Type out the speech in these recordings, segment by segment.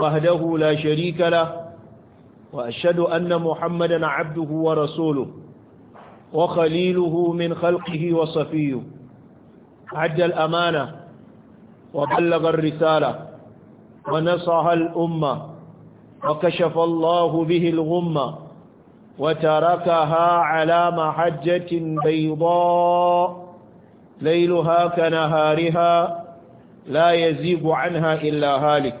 وحده لا شريك له وأشهد أن محمدا عبده ورسوله وخليله من خلقه وصفيه عد الأمانة وبلغ الرسالة ونصح الأمة وكشف الله به الغمة وتركها على محجة بيضاء ليلها كنهارها لا يزيب عنها إلا هالك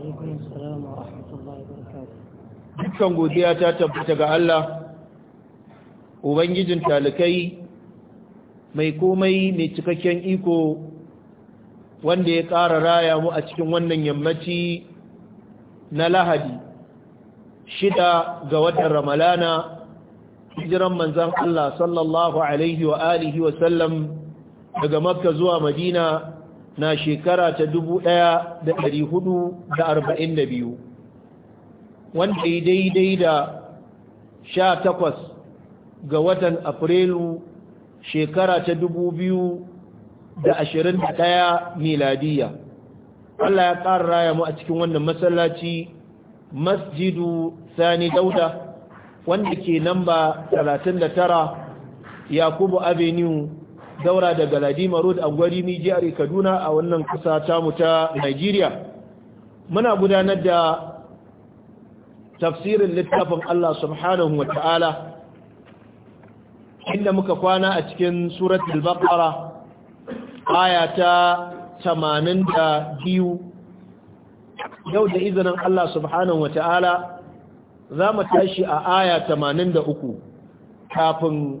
dukkan godiya ta tabbata ga Allah ubangijin talikai mai komai mai cikakken iko wanda ya ƙara raya mu a cikin wannan yammaci na lahadi shida ga watan ramalana hijiran manzan Allah sallallahu alaihi wa alihi wa sallam daga makka zuwa madina na shekara ta dubu ɗaya da da hudu arba'in biyu, wanda ya daidai da sha takwas ga watan afrilu shekara ta da da ashirin ɗaya miladiya Allah ya ƙara raya mu a cikin wannan masallaci masjidu sani dauda wanda ke namba tara yakubu avenue daura daga Ladima road a mi jihar kaduna a wannan kasa tamu ta nigeria muna gudanar da tafsirin littafin allah subhanahu wa ta'ala inda muka kwana a cikin suratul baqara aya ta 82 yau da izinin Allah subhanahu Ta'ala za mu tashi a aya tamanin uku kafin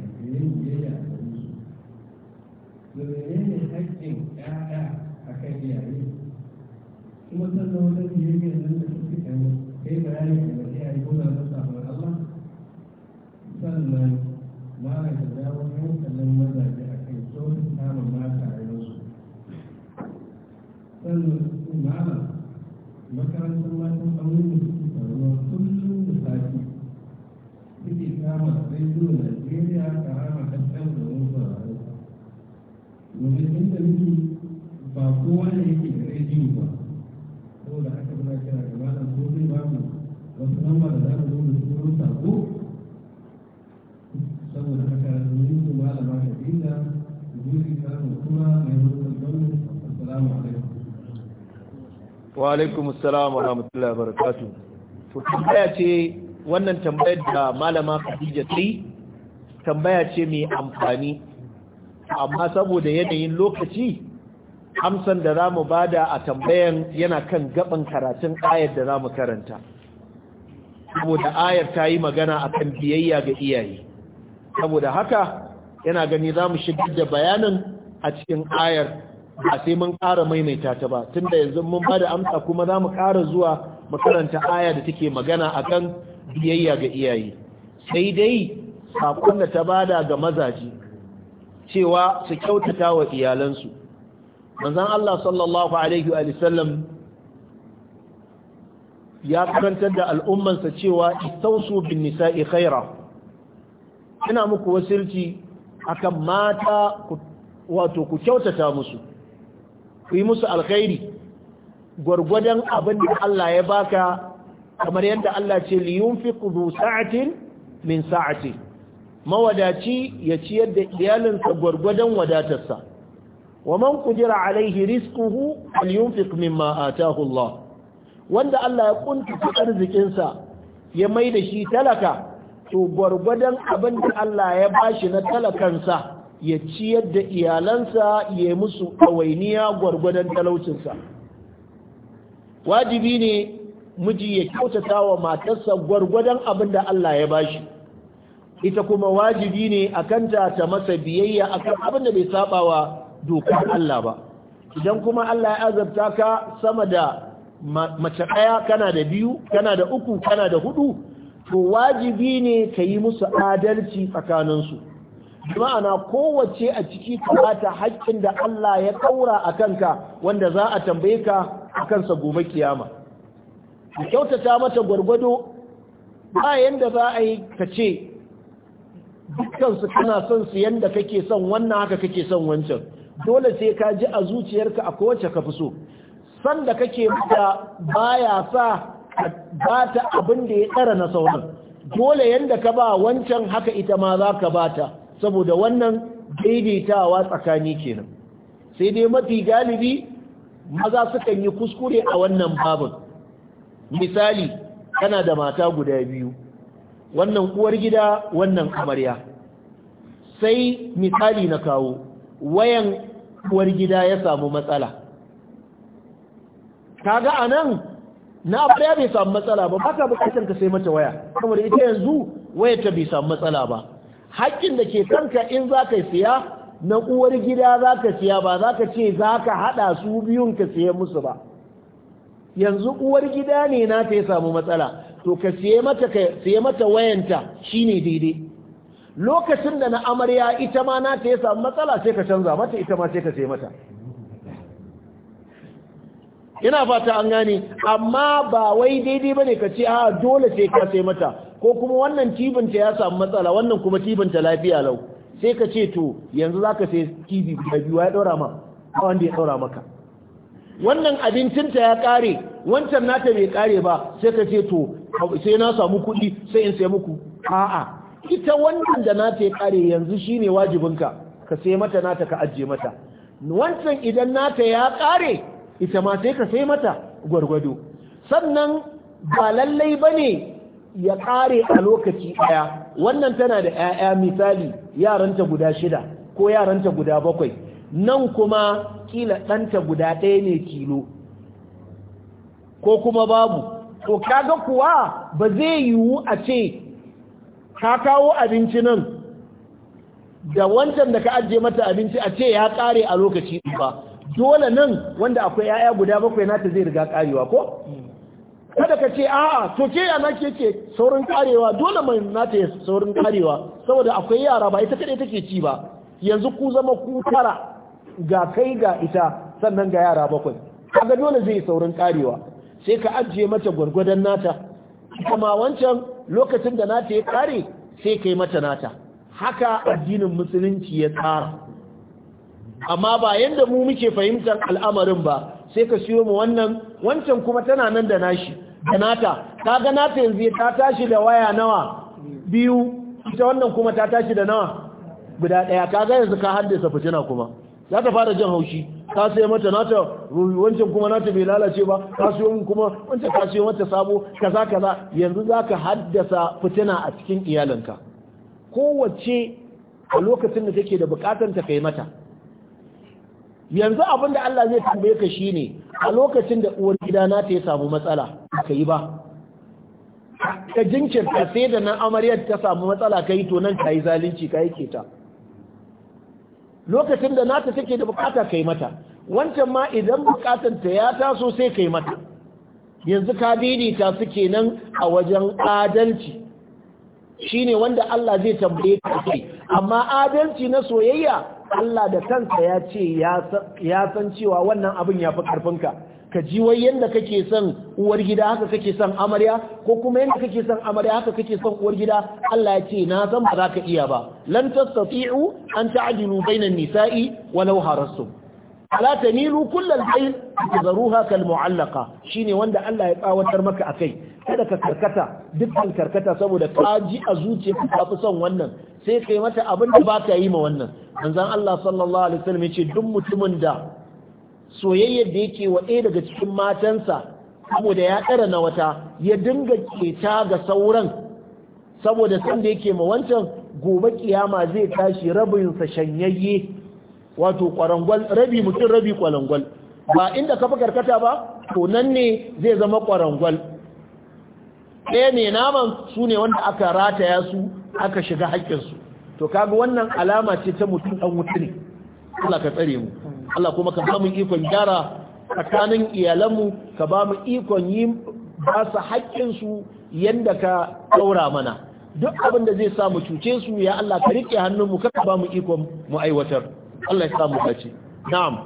haƙƙin ƴaƴa a kan kuma sannan wajen biyayyar nan da suke kai kai bayani da iyaye ko da na Allah sannan malam ta dawo hankalin mazaje a kan kyautata kama mata a yanzu sannan malam makarantar matan aure da suke faruwa kullum da sati suke kama Najeriya karama ta ɗan da domin nan da ba kowa ne yake da rediyo ba saboda haka muna kira ga malam ko zai ba mu wasu lamba da za mu zo mu turo sako saboda haka mun ku malama da dinga guri ka mu kuma mai wannan gwamnati assalamu alaikum wa alaikum assalam wa rahmatullahi wa barakatuh to tambaya ce wannan tambayar da malama Khadija ta yi tambaya ce mai amfani amma saboda yanayin lokaci amsan da za mu bada a tambayan yana kan gaban karatun ayar da za mu karanta saboda ayar ta yi magana a kan biyayya ga iyaye saboda haka yana gani za mu shigar da bayanin a cikin ayar ba sai mun ƙara maimaita ta ba tunda yanzu mun bada amsa kuma za mu ƙara zuwa mu karanta aya da take magana a kan biyayya ga iyaye sai dai saƙon da ta bada ga mazaje cewa su kyautata wa iyalansu manzon Allah sallallahu alaihi Wasallam ya karantar da al'ummansa cewa Itausu bin nisa'i khaira ina muku wasilci akan mata wato ku kyautata musu ku yi musu alkhairi gwargwadon abin da Allah ya baka kamar yadda Allah ce liyunfiqu sa'atin min sa'ati mawadaci ya ciyar da iyalinsa gwargwadon wadatarsa wa man jira alaihi rizquhu falyunfiq mimma ataahu Allah wanda Allah ya kunta arzikinsa ya mai da shi talaka to gwargwadon abin da Allah ya bashi na talakansa ya ciyar da iyalansa ya yi musu ɗawainiya gwargwadon talaucinsa wajibi ne miji ya kyautata wa matarsa gwargwadon abin da Allah ya bashi shi ita kuma wajibi ne a kanta ta masa biyayya a kan abin da bai saba wa dokar Allah ba idan kuma Allah ya azabta ka sama da mace ɗaya kana da biyu kana da uku kana da hudu to wajibi ne ka yi musu adalci tsakaninsu ma'ana kowace a ciki kamata haƙƙin da Allah ya ƙaura a kanka wanda za a tambaye ka a kansa gobe kiyama ka kyautata mata gwargwado bayan da za a yi ka ce dukkansu kana son su yanda kake son wannan haka kake son wancan dole sai ka ji a zuciyarka a kowace ka fi so san da kake mata baya sa ba ta abin da ya tsara na sauran dole yanda ka ba wancan haka ita ma za ka ba ta saboda wannan daidaitawa tsakani kenan sai dai mafi galibi maza sukan yi kuskure a wannan babin misali kana da mata guda biyu wannan uwar gida wannan amarya sai misali na kawo wayan uwar gida ya samu matsala kaga anan na amarya bai samu matsala ba baka bukatar ka sai mata waya saboda ita yanzu waya ta bai samu matsala ba haƙƙin da ke kanka in za ka siya na uwar gida za ka siya ba za ka ce za ka haɗa su biyun ka siya musu ba yanzu uwar gida ne na ta ya samu matsala to ka siye mata ka siye mata wayanta shine daidai lokacin da na amarya ita ma na ta ya samu matsala sai ka canza mata ita ma sai ka siye mata ina fata an gane amma ba wai daidai bane ka ce a dole sai ka siye mata ko kuma wannan ta ya samu matsala wannan kuma ta lafiya lau sai ka ce to yanzu za ka sai tibi guda biyu ya daura ma a wanda ya daura maka wannan abincinta ya kare wancan nata bai kare ba sai ka ce to sai na samu kuɗi sai in sai muku a'a ita wannan da na ta kare yanzu shine wajibinka ka sai mata nata ka ajiye mata wancan idan nata ya kare ita ma sai ka sai mata gwargwado sannan ba lallai bane ya kare a lokaci daya wannan tana da 'ya'ya misali yaranta guda shida ko yaranta guda bakwai nan kuma kila ɗanta guda ɗaya ne kilo ko kuma babu to kaga kuwa ba zai yiwu a ce ka kawo abinci nan da wancan da ka ajiye mata abinci a ce ya kare a lokaci ba dole nan wanda akwai yaya guda bakwai nata zai riga karewa ko kada ka ce a'a to ke yana ke ce saurin karewa dole mai nata ya saurin karewa saboda akwai yara ba ita kadai take ci ba yanzu ku zama ku tara ga kai ga ita sannan ga yara bakwai kaga dole zai saurin karewa sai ka ajiye mata gwargwadon nata kuma wancan lokacin da nata ya kare sai ka yi mata nata haka addinin musulunci ya tsara amma ba yadda mu muke fahimtar al'amarin ba sai ka siyo mu wannan wancan kuma tana nan da nashi da nata kaga nata yanzu ta tashi da waya nawa biyu ita wannan kuma ta tashi da nawa guda ɗaya daya kaga yanzu ka haddasa fitina kuma za ta fara jin haushi ka sai mata nata wancan kuma nata bai lalace ba ka sai kuma wancan ka siyo mata sabo kaza kaza yanzu za ka haddasa fitina a cikin iyalinka kowace a lokacin da take da bukatan ta kai mata yanzu abin da Allah zai tambaye ka shine a lokacin da uwar gida na ta ya samu matsala ka yi ba ka jinkirta sai da nan amaryar ta samu matsala ka yi to nan ka yi zalunci ka yi keta lokacin da nata take da bukata kai mata wancan ma idan bukatan ta ya taso sai kai mata yanzu ka ta suke nan a wajen adalci shine wanda Allah zai tambaye ka kai amma adalci na soyayya Allah da kansa ya ce ya san cewa wannan abin ya fi karfinka ka ji wai yanda kake son uwar gida haka kake son amarya ko kuma yanda kake son amarya haka kake son uwar gida Allah ya ce na san ba za ka iya ba lan tastati'u an ta'dilu bainan nisa'i walau harastum ala tamilu kullal bayl tazaruha kal mu'allaqa shine wanda Allah ya tsawatar maka akai kada ka karkata dukkan karkata saboda ka ji a zuciyarka ka fi son wannan sai kai mata abin da ba ka yi ma wannan manzon Allah sallallahu alaihi wasallam ya ce duk mutumin da soyayyar da yake wa ɗaya daga cikin matansa saboda ya ɗara na wata ya dinga keta ga sauran saboda san da yake ma wancan gobe kiyama zai tashi rabinsa shanyayye wato kwarangwal rabi mutum rabi kwarangwal ba inda kafa karkata ba to nan ne zai zama kwarangwal ɗaya ne naman su ne wanda aka rataya su aka shiga haƙƙinsu to kaga wannan alama ce ta mutum ɗan wuta ne Allah ka tsare mu Allah kuma ka ba mu ikon gyara tsakanin iyalanmu ka ba mu ikon yi ba su haƙƙinsu yadda ka ɗaura mana duk abin da zai sa mu cuce su ya Allah ka riƙe hannunmu ka ba mu ikon mu aiwatar Allah ya samu dace na'am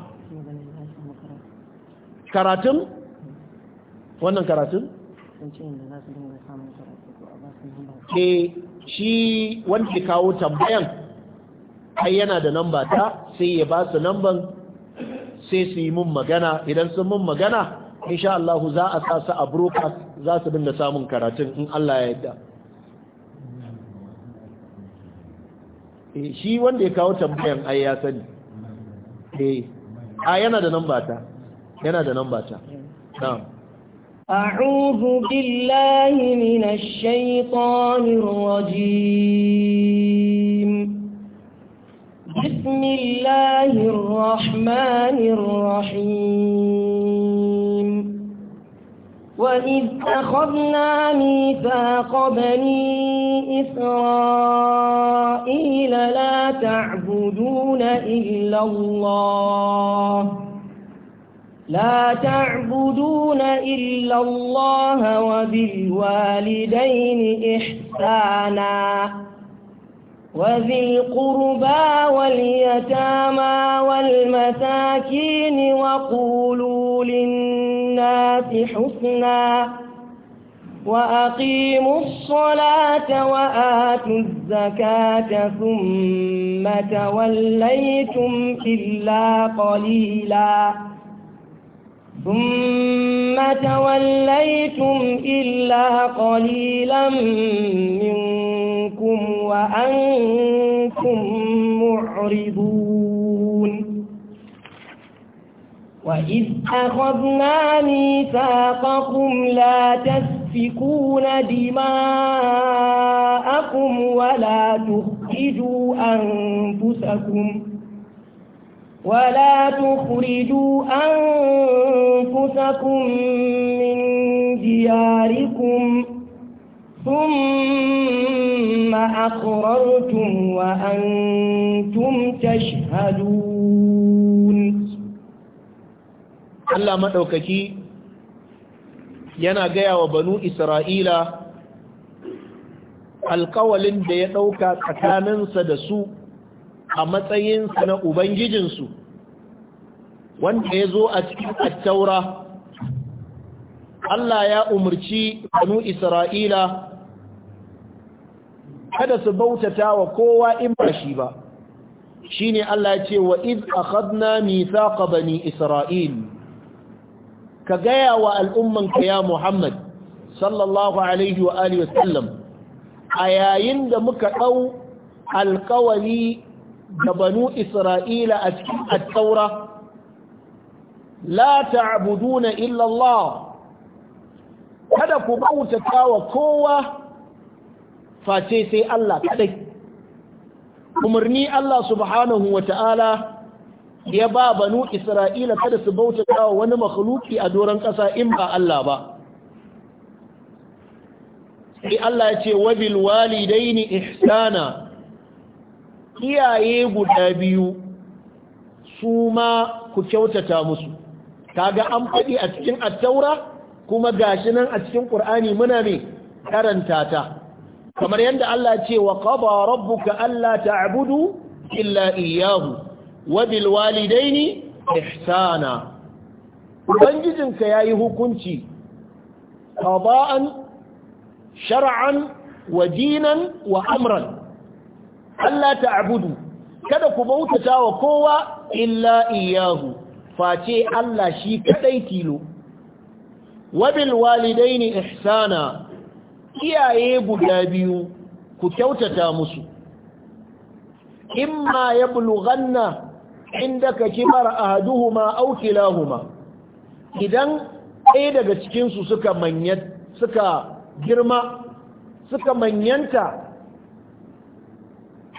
karatun wannan karatun ke eh, shi wanda kawo tambayan ai yana da namba ta sai ya ba su namban sai su yi mun magana idan sun mun magana insha Allah za a sa su a broadcast za su dinga samun karatun in Allah ya yarda eh, shi wanda ya kawo tambayan ai ya sani eh a yana da namba ta yana da namba ta na'am أعوذ بالله من الشيطان الرجيم بسم الله الرحمن الرحيم وإذ أخذنا ميثاق بني إسرائيل لا تعبدون إلا الله لا تعبدون إلا الله وبالوالدين إحساناً وذي القربى واليتامى والمساكين وقولوا للناس حسنا وأقيموا الصلاة وآتوا الزكاة ثم توليتم إلا قليلا ثم توليتم إلا قليلا منكم منكم وأنتم معرضون وإذ أخذنا ميثاقكم لا تسفكون دماءكم ولا تخرجوا أنفسكم ولا تخرجوا أنفسكم من دياركم ثم أقررتم وأنتم تشهدون Allah maɗaukaki yana gaya wa banu Isra'ila alkawalin da ya ɗauka tsakaninsa da su a matsayinsa na Ubangijinsu, wanda ya zo a cikin attaura. Allah ya umarci banu Isra'ila kada su bautata wa kowa in ba shi ba shine Allah ya ce wa iz akhadna mithaqa bani isra'il ka gaya wa al'umman ka ya Muhammad sallallahu alaihi wa alihi a yayin da muka dau alkawari ga banu isra'ila a cikin at-taura la ta'buduna illa Allah kada ku bautata wa kowa face sai Allah kaɗai. umarni Allah subhanahu wa ta'ala ya ba banu Isra'ila kada su bauta wani makhluki a doron ƙasa in ba Allah ba sai Allah ya ce wabil walidaini ihsana iyaye guda biyu su ma ku kyautata musu kaga an faɗi a cikin attaura kuma gashi nan a cikin ƙur'ani muna ne karanta ta kamar yadda Allah ce wa qada rabbuka alla ta'budu illa iyyahu wa bil walidaini ihsana ubangijinka yayi hukunci qada'an shar'an wa dinan wa amran alla ta'budu kada ku bautata wa kowa illa iyyahu face Allah shi kadai tilo wa bil walidaini ihsana iyaye guda biyu ku kyautata musu imma ya bulughanna indaka kibar ahaduhuma aw kilahuma idan ɗaya daga cikinsu suka suka girma suka manyanta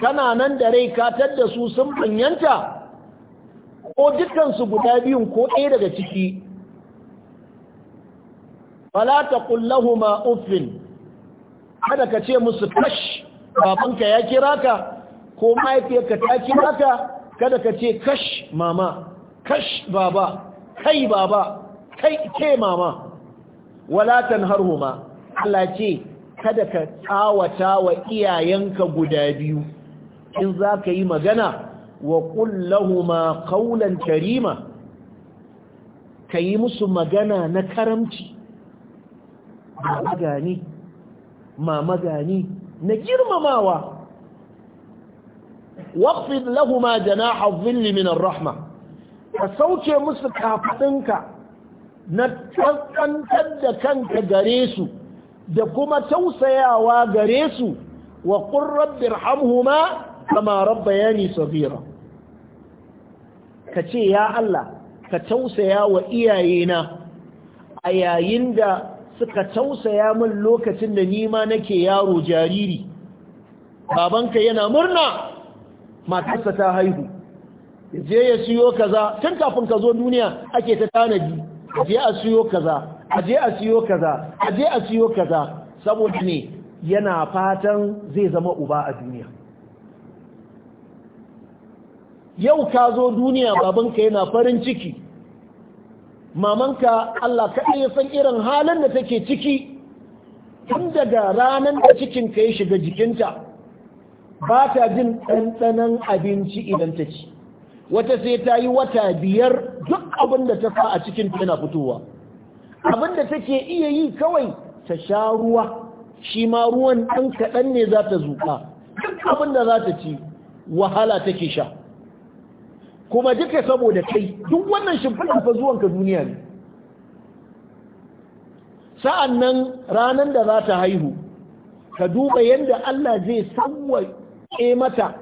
kana nan da rai katar da su sun manyanta ko dukansu guda biyun ko ɗaya daga ciki fala ta kullahuma uffin kada ka ce musu kash babanka ya kira ka ko mahaifiyarka ta kira ka kada ka ce kash mama kash baba kai baba kai ke mama wala tanharhuma Allah ce kada ka tsawata wa iyayenka guda biyu in za ka yi magana wa kullahuma qawlan karima ka yi musu magana na karamci ba gani mamagani na girmamawa waqfid lahuma janaha dhilli min ar-rahma ka sauke musu kafadinka na tsantantar da kanka gare su da kuma tausayawa gare su wa qur rabbi irhamhuma kama rabbayani saghira kace ya Allah ka tausaya wa iyayena a yayin da suka tausaya min lokacin da nima nake yaro jariri babanka yana murna matarsa ta haihu je ya siyo kaza tun kafin ka zo duniya ake ta tanadi je a siyo kaza aje a siyo kaza aje a siyo kaza saboda ne yana fatan zai zama uba a duniya yau ka zo duniya babanka yana farin ciki mamanka Allah kaɗai ya san irin halin da take ciki tun daga ranar da cikinka ya shiga jikinta ba ta jin ɗanɗanon abinci idan ta ci wata sai ta yi wata biyar duk abin da ta sa a cikin yana fitowa abin da take iya yi kawai ta sha ruwa shi ma ruwan ɗan kaɗan ne za ta zuƙa duk abin da za ta ci wahala take sha kuma duka saboda kai duk wannan shimfiɗa fa zuwan ka duniya ne sa'an nan ranar da za ta haihu ka duba yadda Allah zai sawwaƙe mata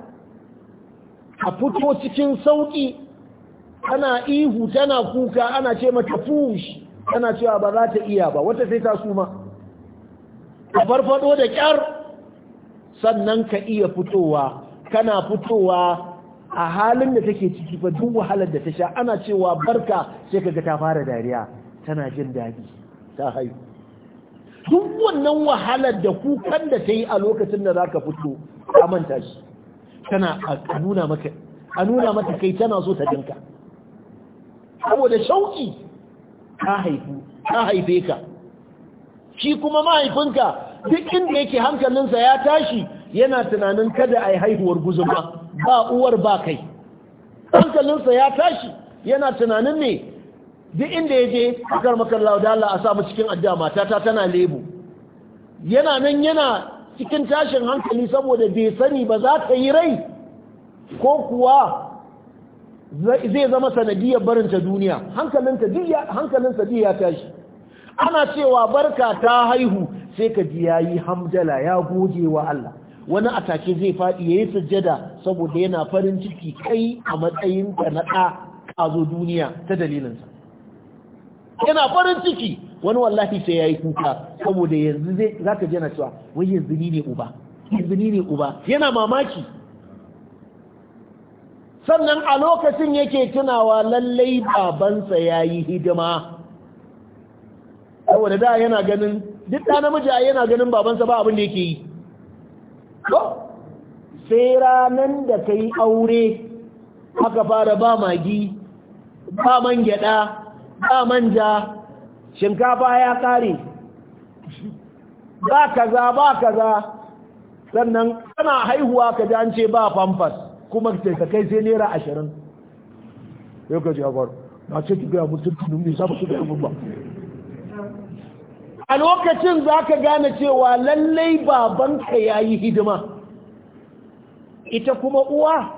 a fito cikin sauƙi ana ihu tana kuka ana ce mata fush tana cewa ba za ta iya ba wata sai ta suma ka farfado da ƙyar sannan ka iya fitowa kana fitowa a halin da take ciki ba duk wahalar da ta sha ana cewa barka sai kaga ta fara dariya tana jin daɗi ta haihu duk wannan wahalar da kukan da ta yi a lokacin da za ka fito a manta shi tana a nuna maka kai tana so ta dinka saboda shauki ta haifu ta haife ka shi kuma mahaifinka duk inda yake hankalinsa ya tashi yana tunanin kada a yi haihuwar guzuma ba uwar ba kai hankalinsa ya tashi yana tunanin ne duk inda ya je a karmakar da Allah a samu cikin addu'a matata tana lebu yana nan yana cikin tashin hankali saboda bai sani ba za ta yi rai ko kuwa zai zama sanadiyar barinta duniya hankalinsa duk ya tashi ana cewa barka ta haihu sai ka ji yi hamdala ya goge wa Allah wani atake zai faɗi ya yi sujjada saboda yana farin ciki kai a matsayin ka na ɗa ƙazo duniya ta dalilinsa yana farin ciki wani wallafi sai ya yi kuka saboda yanzu zai za ka jana cewa wai yanzu ni ne uba yanzu ni ne uba yana mamaki sannan a lokacin yake tunawa lallai babansa ya yi hidima saboda da yana ganin duk ɗa namiji yana ganin babansa ba abin da yake yi ko sai ranan da ka yi aure aka fara ba magi ba man gyada ba manja shinkafa ya kare ba kaza ba kaza sannan kana haihuwa ka ji an ce ba famfas kuma sai ka kai sai naira ashirin yau ka ji na ce ki gaya mutum ne su gaya ba a lokacin za ka gane cewa lallai babanka ya yi hidima ita kuma uwa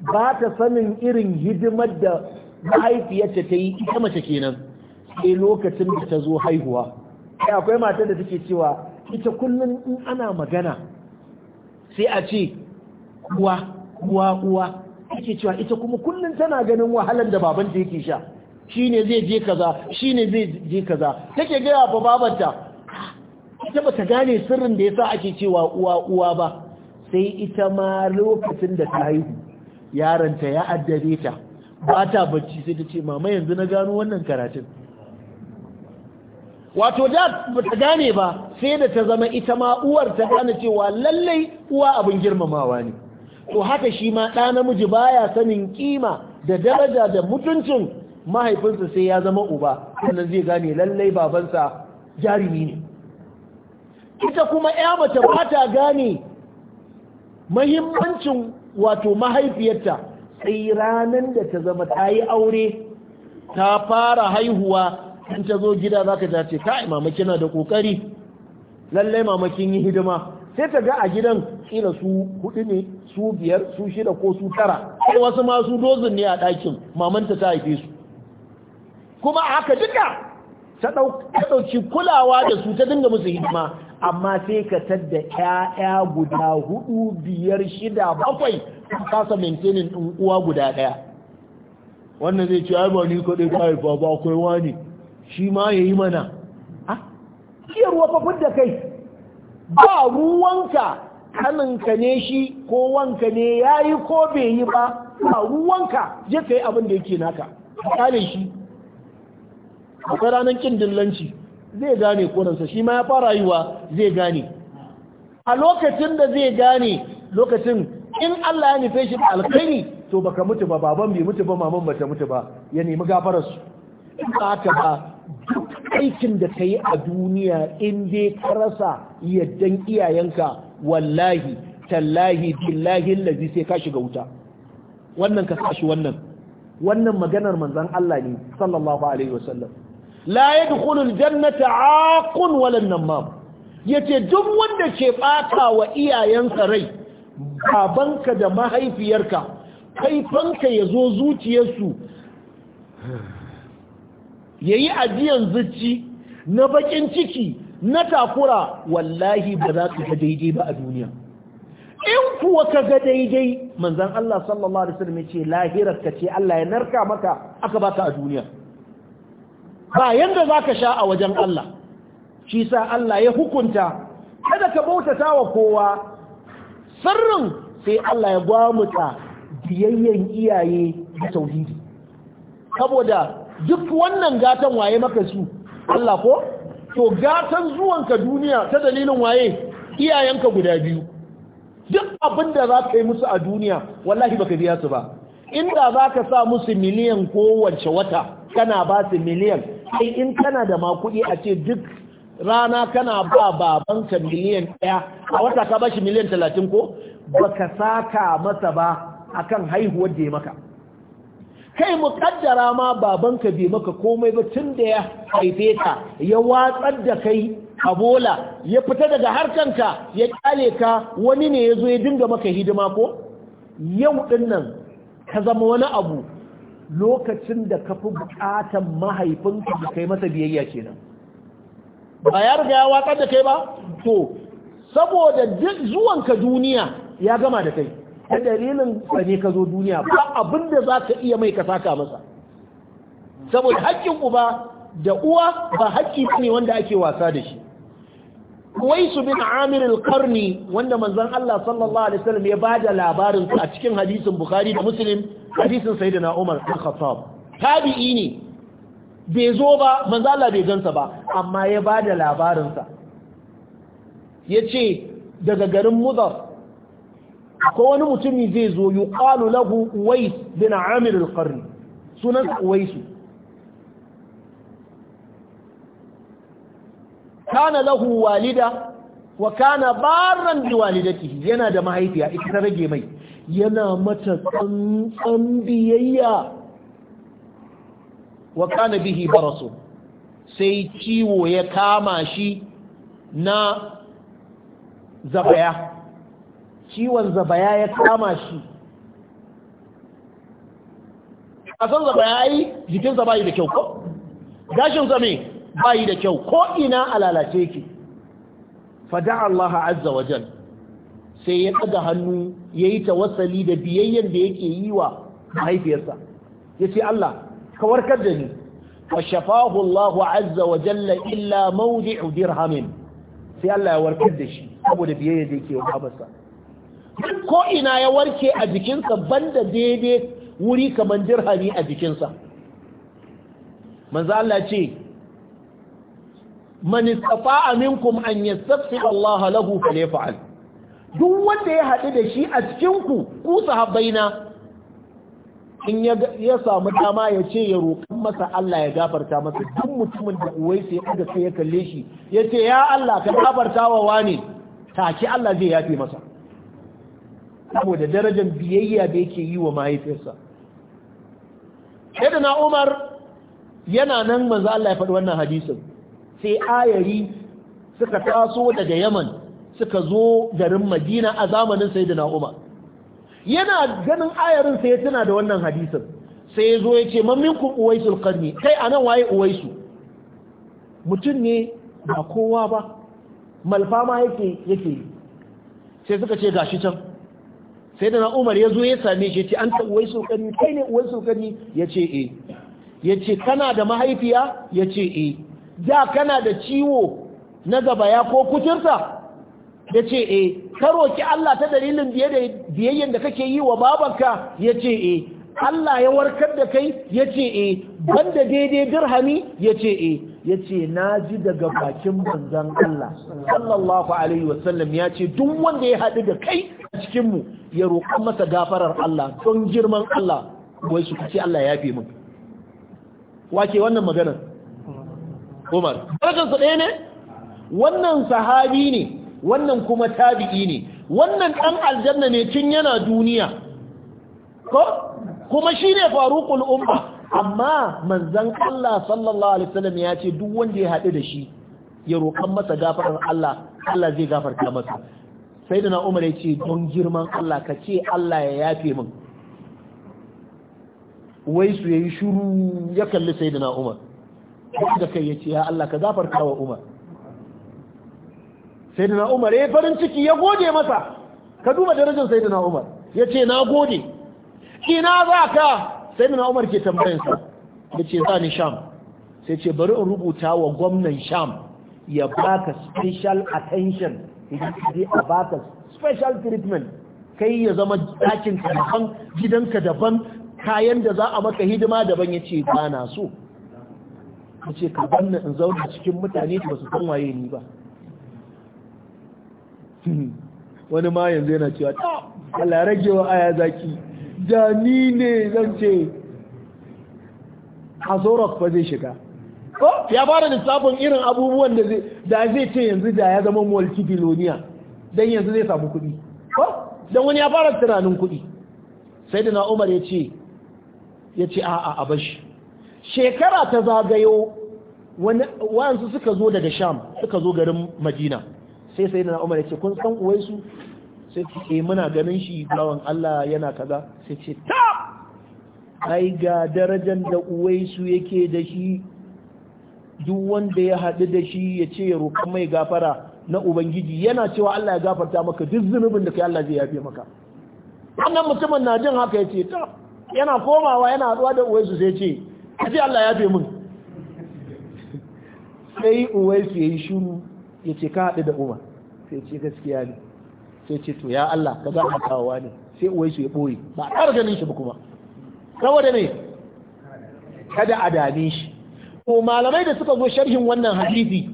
ba ta sanin irin hidimar da mahaifiyarta ta yi ita mace kenan sai lokacin da ta zo haihuwa sai akwai matar da take cewa ita kullum in ana magana sai a ce uwa uwa uwa ake cewa ita kuma kullum tana ganin wahalar da babanta yake sha Shi ne zai je kaza Shi ne zai je kaza take gaya ba babanta ita ta gane sirrin da yasa ake cewa uwa uwa ba sai ita ma lokacin da ta haihu yaranta ya addabe ta ba ta bacci sai ta ce mama yanzu na gano wannan karatun wato da ba ta gane ba sai da ta zama ita ma uwar ta gane cewa lallai uwa abin girmamawa ne to haka shi ma ɗa namiji baya sanin kima da daraja da mutuncin mahaifinsa sai ya zama uba sannan zai gane lallai babansa jarumi ne ita kuma ya mace bata gane mahimmancin wato mahaifiyarta sai ranar da ta zama ta yi aure ta fara haihuwa in ta zo gida za ka ta kai mamaki na da kokari lallai mamakin yi hidima sai ta ga a gidan kila su hudu ne su biyar su shida ko su tara sai wasu masu dozin ne a ɗakin mamanta ta haife su kuma haka duka ta ɗauki kulawa da su ta dinga musu hidima amma sai ka tadda ƴaƴa guda hudu biyar shida bakwai kasa maintainin ɗin uwa guda ɗaya wannan zai ce ai ba ni kaɗai ka haifa ba akwai wani shi ma ya yi mana a ciyarwa wafa da kai ba ruwanka kaninka ne shi ko wanka ne ya yi ko bai yi ba ba ruwanka je ka yi abin da yake naka kare shi akwai ranar kin dillanci zai gane konansa shi ma ya fara yiwa zai gane a lokacin da zai gane lokacin in Allah ya nufe shi da alkhairi to baka mutu ba baban bai mutu ba maman bata mutu ba ya nemi gafarar su ba ba duk aikin da ka yi a duniya in dai ka rasa yaddan iyayenka wallahi tallahi billahi lazi sai ka shiga wuta wannan ka sashi wannan wannan maganar manzon Allah ne sallallahu alaihi wasallam la yadkhulul jannata aqun wala ya ce duk wanda ke ɓata wa iyayensa rai babanka da mahaifiyarka kaifanka yazo zuciyarsu yayi ajiyan zuci na bakin ciki na takura wallahi ba za ka ga daidai ba a duniya in kuwa ka ga daidai manzan Allah sallallahu Alaihi wasallam ce lahirar ka ce Allah ya narka maka aka baka a duniya ba yadda za ka sha a wajen Allah shi sa Allah ya hukunta kada ka bautata wa kowa sirrin sai Allah ya gwamuta biyayyen iyaye da tauhidi saboda duk wannan gatan waye maka su Allah ko to gatan zuwanka duniya ta dalilin waye iyayenka guda biyu duk abin da za ka yi musu a duniya wallahi baka biya su ba inda za ka sa musu miliyan kowace wata kana ba su miliyan sai in kana da makuɗi a ce duk rana kana ba babanka miliyan ɗaya a wata ka bashi miliyan talatin ko baka saka masa ba akan haihuwar da ya maka kai muƙaddara ma babanka bai maka komai ba tun da ya haife ka ya watsar da kai a bola ya fita daga harkanka ya kyale ka wani ne ya zo ya dinga maka hidima ko yau ɗin nan ka zama wani abu lokacin da ka fi bukatan mahaifinka da kai masa biyayya kenan ba ya riga ya watsar da kai ba to saboda duk ka duniya ya gama da kai ta dalilin ka ka zo duniya ba abin da za ka iya mai ka saka masa saboda haƙƙin uba da uwa ba haƙƙi ne wanda ake wasa da shi Kuwaisu bin Amir al-Qarni wanda manzon Allah sallallahu alaihi wasallam ya bada labarin a cikin hadisin Bukhari da Muslim hadisin Sayyidina Umar bin Khattab tabi'i ne bai zo ba manzon Allah bai gansa ba amma ya bada labarin sa yace daga garin Mudhar ko wani mutumi zai zo yuqalu lahu Uwais bin Amir al-Qarni sunan Uwaisu kana lahu walida wa kana barran bi walidatihi yana da mahaifiya ita ta rage mai yana mata tsantsan biyayya wa kana bihi barasu sai ciwo ya kama shi na zabaya ciwon zabaya ya kama shi a san zabaya yi jikinsa zabayi da kyau ko gashin zame bayi da kyau ko ina a lalace ki fada Allah azza wa jal sai ya ɗaga hannu ya yi tawassali da biyayyen da yake yi wa mahaifiyarsa ya ce Allah ka warkar da ni wa shafahu Allah azza wa jalla illa mawdi'u dirhamin sai Allah ya warkar da shi saboda biyayyen da yake wa babarsa ko ina ya warke a jikinsa banda daidai wuri kamar dirhami a jikinsa manzo Allah ce man istata'a minkum an yastaghfir Allah lahu falyaf'al duk wanda ya haɗu da shi a cikin ku ku sahabbaina in ya samu dama ya ce ya roƙi masa Allah ya gafarta masa duk mutumin da uwai sai aka sai ya kalle shi ya ce ya Allah ka gafarta wa wani take Allah zai yafe masa saboda darajar biyayya da yake yi wa mahaifinsa yadda na umar yana nan manzo Allah ya faɗi wannan hadisin sai ayari suka taso daga yaman suka zo garin madina a zamanin sai umar yana ganin ayarin sai ya tuna da wannan hadisin sai ya zo ya ce mamin ku uwaisul karni kai a nan waye uwaisu mutum ne ba kowa ba malfa ma yake yake sai suka ce gashi can sai da umar ya zo ya same shi ce an ta uwaisul karni kai ne uwaisul karni ya ce e ya ce kana da mahaifiya ya ce e da kana da ciwo na gabaya ko kuturta ya ce e roki Allah ta dalilin biyayyen da kake yi wa babanka ya ce e Allah ya warkar da kai ya ce e eh. banda daidai dirhami ya ce e ya ce na ji daga bakin banzan Allah sallallahu alaihi wasallam ya ce duk wanda ya haɗu da kai a cikinmu ya roƙa masa gafarar Allah don girman Allah wai su kuce Allah ya fi min wake wannan maganar Umar darajarsa ɗaya ne wannan sahabi ne wannan kuma tabi'i ne wannan ɗan aljanna ne tun yana duniya ko kuma shi ne faruƙul umma amma manzan Allah sallallahu alaihi wasallam ya ce duk wanda ya haɗu da shi ya roƙan masa gafarar Allah Allah zai gafarta masa sai da na umar ya ce don girman Allah ka ce Allah ya yafe min wai su yayi shiru ya kalli sai da na umar da kai ya ce ya Allah ka gafarta wa Umar sayyidina Umar ya farin ciki ya gode masa ka duba darajar sayyidina Umar ya ce na gode ina za ka sayyidina Umar ke sa. ya ce za ni Sham sai ce bari in rubuta wa gwamnan Sham ya baka special attention idan je a baka special treatment kai ya zama ɗakinka daban gidanka daban kayan da za a maka hidima daban ya ce ba na so ka ce ka banna in zauna cikin mutane da su san waye ni ba wani ma yanzu yana cewa ta Allah rage wa aya zaki da ni ne zan ce a hazorak ba zai shiga ko ya fara lissafin irin abubuwan da zai da zai ce yanzu da ya zama mulki biloniya dan yanzu zai samu kuɗi ko dan wani ya fara tunanin kuɗi sai da na Umar ya ce ya ce a a bashi shekara ta zagayo wa'ansu suka zo daga sham suka zo garin madina sai sai da umar ya ce kun san uwaisu sai ce eh, muna ganin shi bawan allah yana kaza sai ce ta ai ga darajar da uwaisu yake da shi duk wanda ya haɗu da shi ya ce ya roƙa mai gafara na ubangiji yana cewa allah ya gafarta maka duk zunubin da kai allah zai yafe maka wannan mutumin na jin haka ya ce ta yana komawa yana haɗuwa da uwaisu sai ce aji ce Allah ya be mun sai uwaisu ya yi shuru ya ce ka haɗu da umar sai ce gaskiya ne sai ce to ya Allah ka za a kawawa ne sai uwaisu ya ɓoye ba a ƙara ganin shi ba kuma da ne kada a dame shi Ko malamai da suka zo sharhin wannan hadisi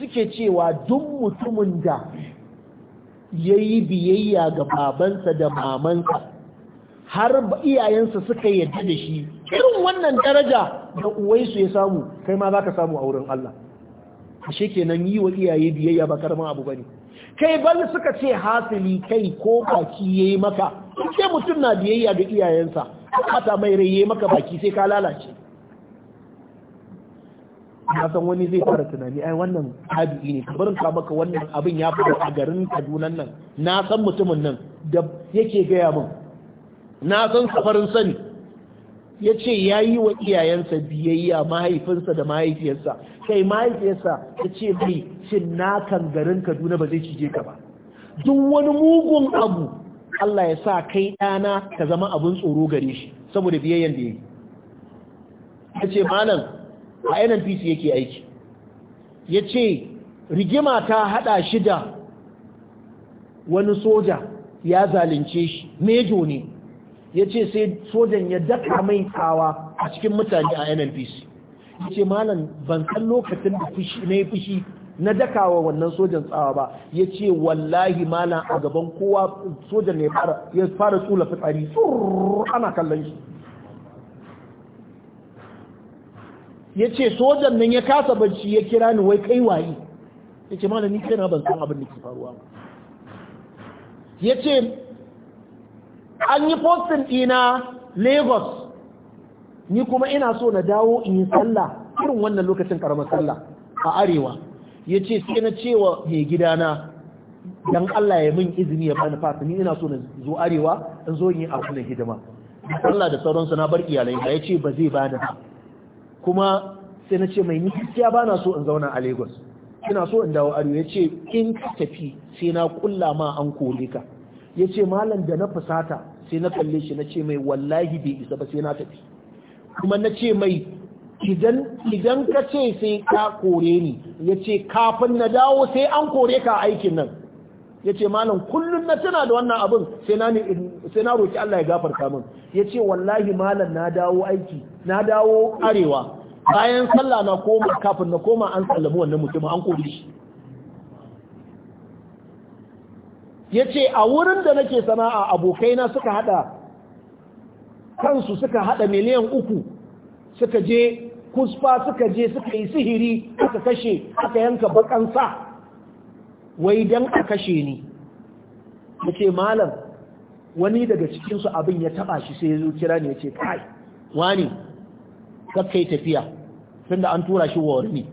suke cewa duk mutumin da ya yi biyayya ga babansa da mamansa har iyayensa suka yadda da shi irin wannan daraja da uwaisu ya samu kai ma za ka samu a wurin Allah ashe kenan yi wa iyaye biyayya ba karamin abu ba ne. kai bal suka ce hasili kai ko baki ya yi maka sai mutum na biyayya ga iyayensa kata mai rai yi maka baki sai ka lalace na san wani zai fara tunani ai wannan tabi'i ne kabarin ka maka wannan abin ya fara a garin Kaduna nan na san mutumin nan da yake gaya min na san safarin sani ya ce ya yi wa iyayensa biyayya mahaifinsa da mahaifiyarsa kai mahaifiyarsa ta ce bai shi na garin kaduna ba zai cije ka ba duk wani mugun abu Allah ya sa kai ɗana ka zama abin tsoro gare shi saboda biyayyan da ya yi ya ce malam a nnpc yake aiki ya ce rigima ta haɗa shi da wani soja ya zalunce shi mejo ne ya ce sai sojan ya daka mai kawa a cikin mutane a nnpc ya ce malam ban san lokacin da na yi fushi na dakawa wannan sojan tsawa ba ya ce wallahi malam a gaban kowa sojan ne ya fara tsula fitsari ana kallon shi ya ce sojan nan ya kasa barci ya kira ni wai kai waye ya ce malam ni kai na ban san abin da ke faruwa ba ya ce an yi postin ɗina lagos ni kuma ina so na dawo in yi sallah irin wannan lokacin karamar sallah a arewa ya ce sai na cewa mai gidana don Allah ya min izini ya bani fata ni ina so na zo arewa in zo yi abu na hidima Allah da sauransu na bar iyalai ba ya ce ba zai bani ba kuma sai na ce mai ni ba na so in zauna a Lagos ina so in dawo arewa ya ce in ka tafi sai na kulla ma an kore ka ya ce malam da na fusata sai na kalle shi na ce mai wallahi bai isa ba sai na tafi kuma na ce mai idan ka ce sai ka kore ni ya ce kafin na dawo sai an kore ka aikin nan ya ce malam kullum na tana da wannan abin sai na roki Allah ya gafarta min ya ce wallahi malam na dawo aiki na dawo arewa bayan sallah na koma kafin na koma an sallami wannan mutum an kore shi ya ce a wurin da nake sana'a abokaina suka hada kansu suka hada miliyan uku suka je kusfa suka je suka yi sihiri aka kashe aka yanka bakansa wai don a kashe ni ya ce malam wani daga cikinsu abin ya taba shi sai ya zo kira ne ya ce kai wani kai tafiya tunda an tura shi wa ne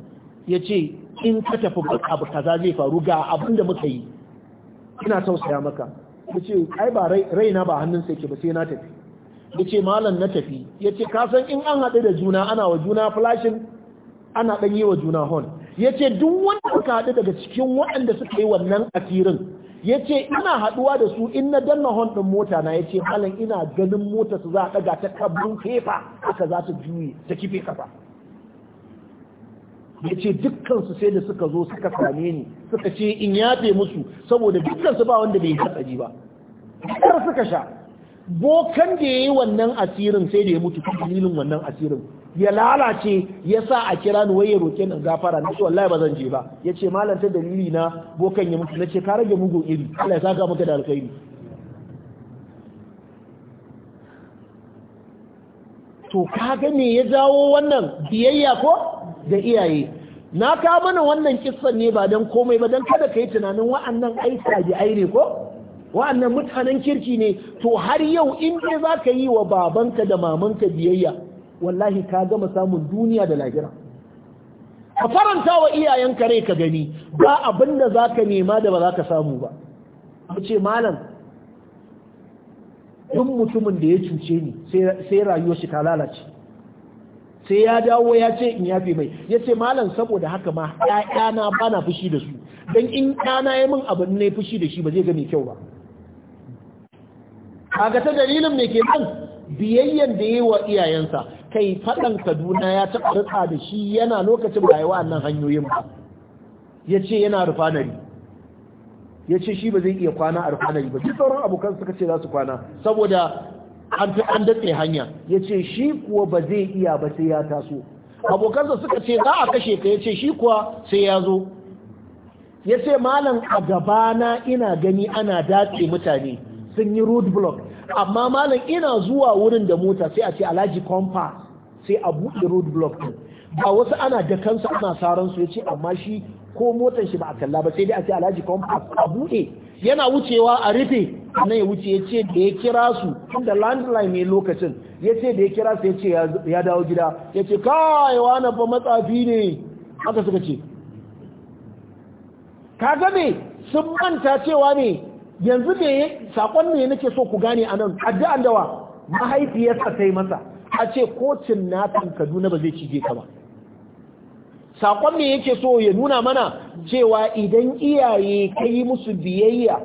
ya ce in ka tafi abu kaza zai faru ga abin da muka yi ina tausaya maka Ya ce ai ba raina ba hannun sa yake ba sai na tafi Ya ce malam na tafi Ya ce kasan in an haɗu da juna ana wa juna flashin ana ɗan yi wa juna hon ce duk wanda suka haɗu daga cikin waɗanda suka yi wannan asirin ce ina haɗuwa da su in na danna hon ɗin mota na Ya ce malam ina ganin mota su za a ɗaga ta kabin kefa haka za ta juye ta kife kafa ya ce dukkansu sai da suka zo suka same ni suka ce in yafe musu saboda dukkansu ba wanda bai yi ba har suka sha bokan da ya yi wannan asirin sai da ya mutu dalilin wannan asirin ya lalace ya sa a kira ni wai ya roke ni gafara na ce wallahi ba zan je ba ya ce malam ta dalili na bokan ya mutu na ce ka rage mugun iri Allah ya saka maka da alkhairi to ka me ya jawo wannan biyayya ko da iyaye na ka mana wannan kissan ne ba don komai ba don kada ka yi tunanin wa'annan ai da ne ko wa'annan mutanen kirki ne to har yau in dai za ka yi wa babanka da mamanka biyayya wallahi ka gama samun duniya da lahira ka faranta wa iyayenka rai ka gani ba abin da za ka nema da ba za ka samu ba mu ce malam duk mutumin da ya cuce ni sai rayuwar shi ta lalace sai ya dawo ya ce in yafe mai ya ce malam saboda haka ma ‘ya'yana ba na fushi da su don in ɗana ya min abin ne fushi da shi ba zai ga mai kyau ba ga ta dalilin mai ke nan biyayyen da yi wa iyayensa kai faɗan kaduna ya taɓa rika da shi yana lokacin rayuwa nan hanyoyin ba ya ce yana rufanari ya ce shi ba zai iya kwana a rufanari ba duk sauran abokan suka ce za su kwana saboda an an datse hanya ce shi kuwa ba zai iya ba sai ya taso abokansa suka ce za a kashe ka Ya ce shi kuwa sai ya zo Ya ce malam a gabana ina gani ana datse mutane sun yi road block amma malam ina zuwa wurin da mota sai a ce alhaji compass sai a buɗe road block ba wasu ana da kansu ana saransu ya ce amma shi ko motar shi ba a kalla ba sai dai a ce alhaji compass a buɗe yana wucewa a rufe na ya wuce ya ce da ya kira su da landline ne lokacin ya ce da ya kira su ya ce ya dawo gida ya ce kawai wani ba matsafi ne aka suka ce kaga me sun manta cewa ne yanzu ne sakon ne nake so ku gane a anan addu'an dawa mahaifiyarsa ta yi masa a ce kocin na kaduna ba zai cije ka ba saƙon me yake so ya nuna mana cewa idan iyaye ka yi musu biyayya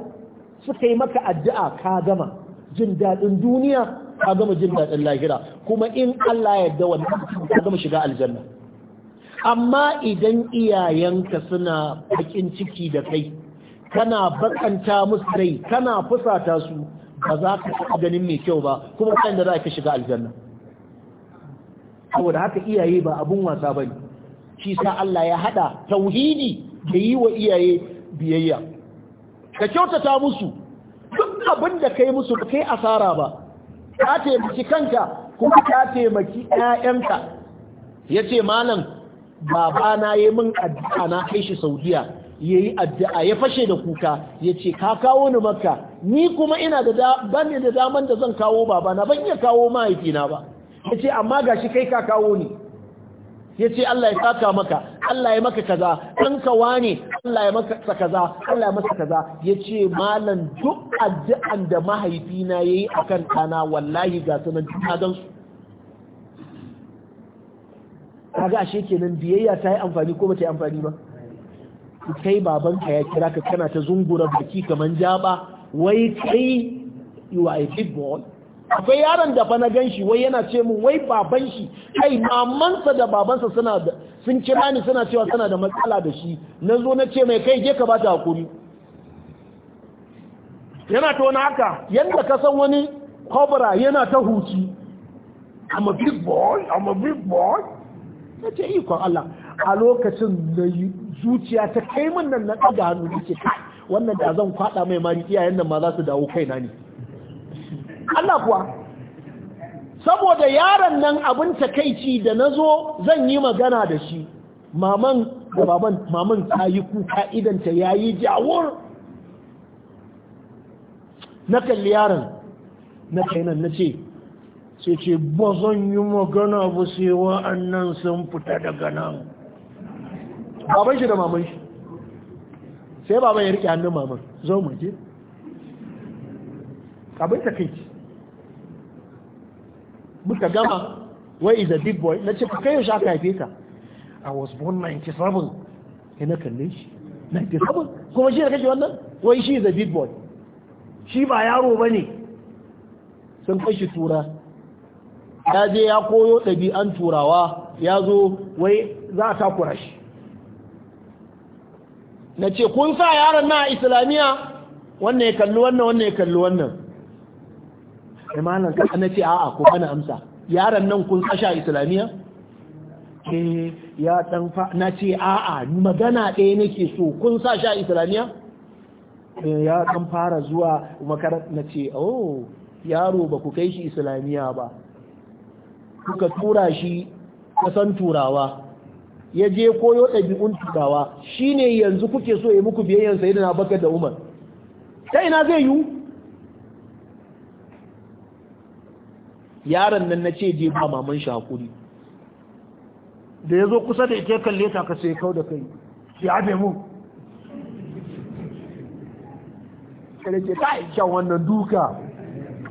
suka yi maka addu'a ka gama jin daɗin duniya ka gama jin daɗin lahira kuma in Allah ya da wannan ka gama shiga aljanna amma idan iyayenka suna bakin ciki da kai kana bakanta musu rai kana fusata su ba za ka taɓa ganin mai kyau ba kuma kan da za ka shiga aljanna saboda haka iyaye ba abun wasa bane shi sa Allah ya hada tauhidi da yi wa iyaye biyayya ka kyautata musu duk abin da kai musu ba kai asara ba ka taimaki kanka kuma ka taimaki ƴaƴanka yace malam babana yayi min addu'a na kai shi Saudiya yayi addu'a ya fashe da kuka yace ka kawo ni makka ni kuma ina da ban da daman da zan kawo babana ban iya kawo mahaifina ba yace amma gashi kai ka kawo ni ya ce Allah ya saka maka Allah ya maka kaza ɗanka wani Allah ya maka kaza Allah ya maka kaza ya ce malam duk addu'an da mahaifina ya yi a kan ɗana wallahi ga sunan ta gan su kaga ashe kenan biyayya ta yi amfani ko ba ta yi amfani ba kai babanka ya kira ka kana ta zungura baki kaman jaba wai kai you are a big boy akwai yaron da fa na gan shi wai yana ce min wai baban shi kai mamansa da babansa suna sun kira ni suna cewa suna da matsala da shi na zo na ce mai kai je ka bata hakuri yana to na haka yadda ka san wani kobra yana ta huci I'm a big boy I'm a big boy na ce ikon Allah a lokacin da zuciya ta kai min nan na ɗaga hannu da ce kai wannan da zan kwaɗa mai mari iyayen nan ma za su dawo kaina ne Allah kuwa saboda yaron nan abin takaici da na zo zan yi magana da shi maman da baban maman ta yi kuka idanta ya yi jawur na kalli yaron na kainan na ce sai ce ba zan yi magana ba sai wa'annan sun fita daga nan baban shi da maman shi sai baban ya rike hannun maman zo mu je abin takaici muka gama wai is a big boy na ce kai yaushe aka haife ka I was born 97 ina kalle shi 97 kuma shi da kake wannan wai shi is a big boy shi ba yaro ba ne sun shi tura ya je ya koyo ɗabi'an turawa ya zo wai za a takura shi na ce kun sa yaron na islamiyya wannan ya kalli wannan wannan ya kalli wannan sai malam ka na ce a'a ko kana amsa yaron nan kun kasha islamiyya eh ya dan fa na ce a'a magana ɗaya nake so kun sa sha islamiyya eh, ya dan fara zuwa makarar na ce oh yaro ba ku kai shi islamiyya ba kuka tura shi kasan turawa ya je koyo ɗabi'un turawa shi ne yanzu kuke so ya muku biyayyan sayyidina bakar da umar ta ina zai yiwu yaron nan na ce je ba maman shi hakuri da ya zo kusa da ita kalle ta ka sai kau da kai ya abe mu kare ce kai kyan wannan duka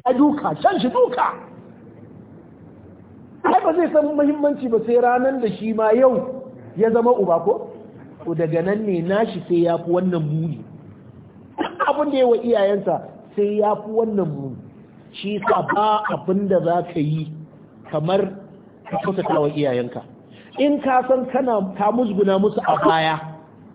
a duka can shi duka ai ba zai san muhimmanci ba sai ranar da shi ma yau ya zama uba ko ko daga nan ne nashi sai ya fi wannan muni abin da yawa iyayensa sai ya fi wannan muni shi sa ba abin da za ka yi kamar ka kusa wa iyayenka in ka san kana ka musguna musu a baya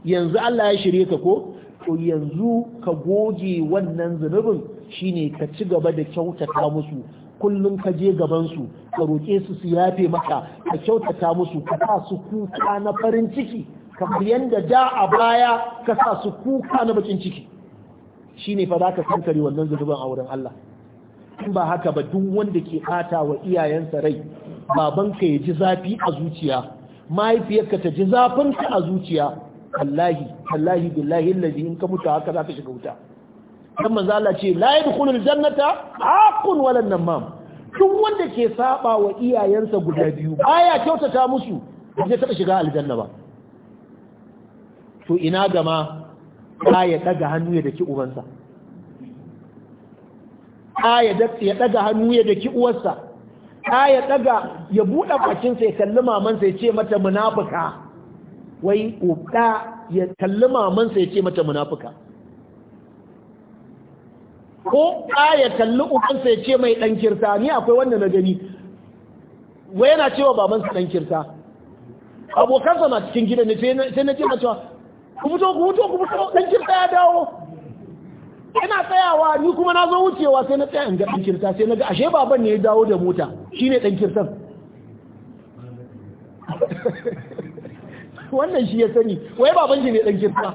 yanzu Allah ya shirye ka ko to yanzu ka goge wannan zunubin shine ka ci gaba da kyautata musu kullum ka je gaban su ka roƙe su su yafe maka ka kyautata musu ka sa su kuka na farin ciki kamar yadda da a baya ka sa su kuka na bakin ciki shine fa za ka kankare wannan zunubin a wurin Allah in ba haka ba duk wanda ke ɓata wa iyayensa rai babanka ya ji zafi a zuciya mahaifiyarka ta ji zafinka a zuciya wallahi wallahi billahi allazi in ka mutu haka zaka shiga wuta dan manzo Allah ce la yadkhulul jannata aqun wala namam duk wanda ke saba wa iyayensa guda biyu baya kyautata musu ba zai taba shiga aljanna ba to ina gama ya ɗaga hannu ya daki ubansa ya daga hannu ya daki uwarsa ya daga ya buɗe bakinsa ya kalli mamansa ya ce mata munafuka wai ɗa ya kalli mamansa ya ce mata munafuka ko ya kalli ubansa ya ce mai ɗan ni akwai wanda na gani wai yana cewa babansa ɗan kirta abokansa na cikin gidan ne sai na ce mata ku fito ku fito ku fito ɗan kirta ya dawo yana tsayawa ni kuma na zo wucewa sai na tsaya in ga kirta sai na ga ashe baban ne ya dawo da mota shine ɗan kirtan wannan shi ya sani wai baban shi ne ɗan kirta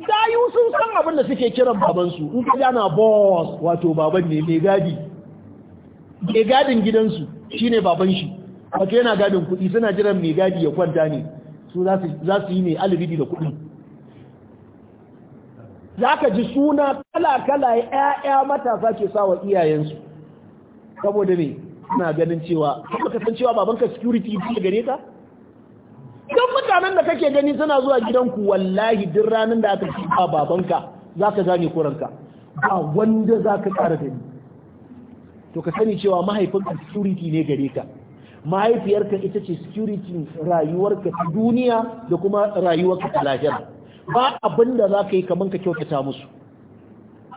dayu sun san abin da suke kiran babansu in ka jana boss wato baban ne mai gadi mai gadin gidansu shine baban shi wato yana gadin kuɗi suna jiran mai gadi ya kwanta ne su za su yi mai alibidi da kuɗi za ka ji suna kala-kala ‘ya'ya matasa ke sa wa iyayensu saboda ne suna ganin cewa kuma ka san cewa babanka security ba gare ka don mutanen da kake gani suna zuwa gidanku wallahi duk ranar da aka ci ba babanka za ka gane kuranka ba wanda za ka da gani to ka sani cewa mahaifinka security ne gare ka mahaifiyarka ita ce security rayuwarka ta duniya da kuma rayuwarka ta lahira ba abin da za ka yi kamar ka kyautata musu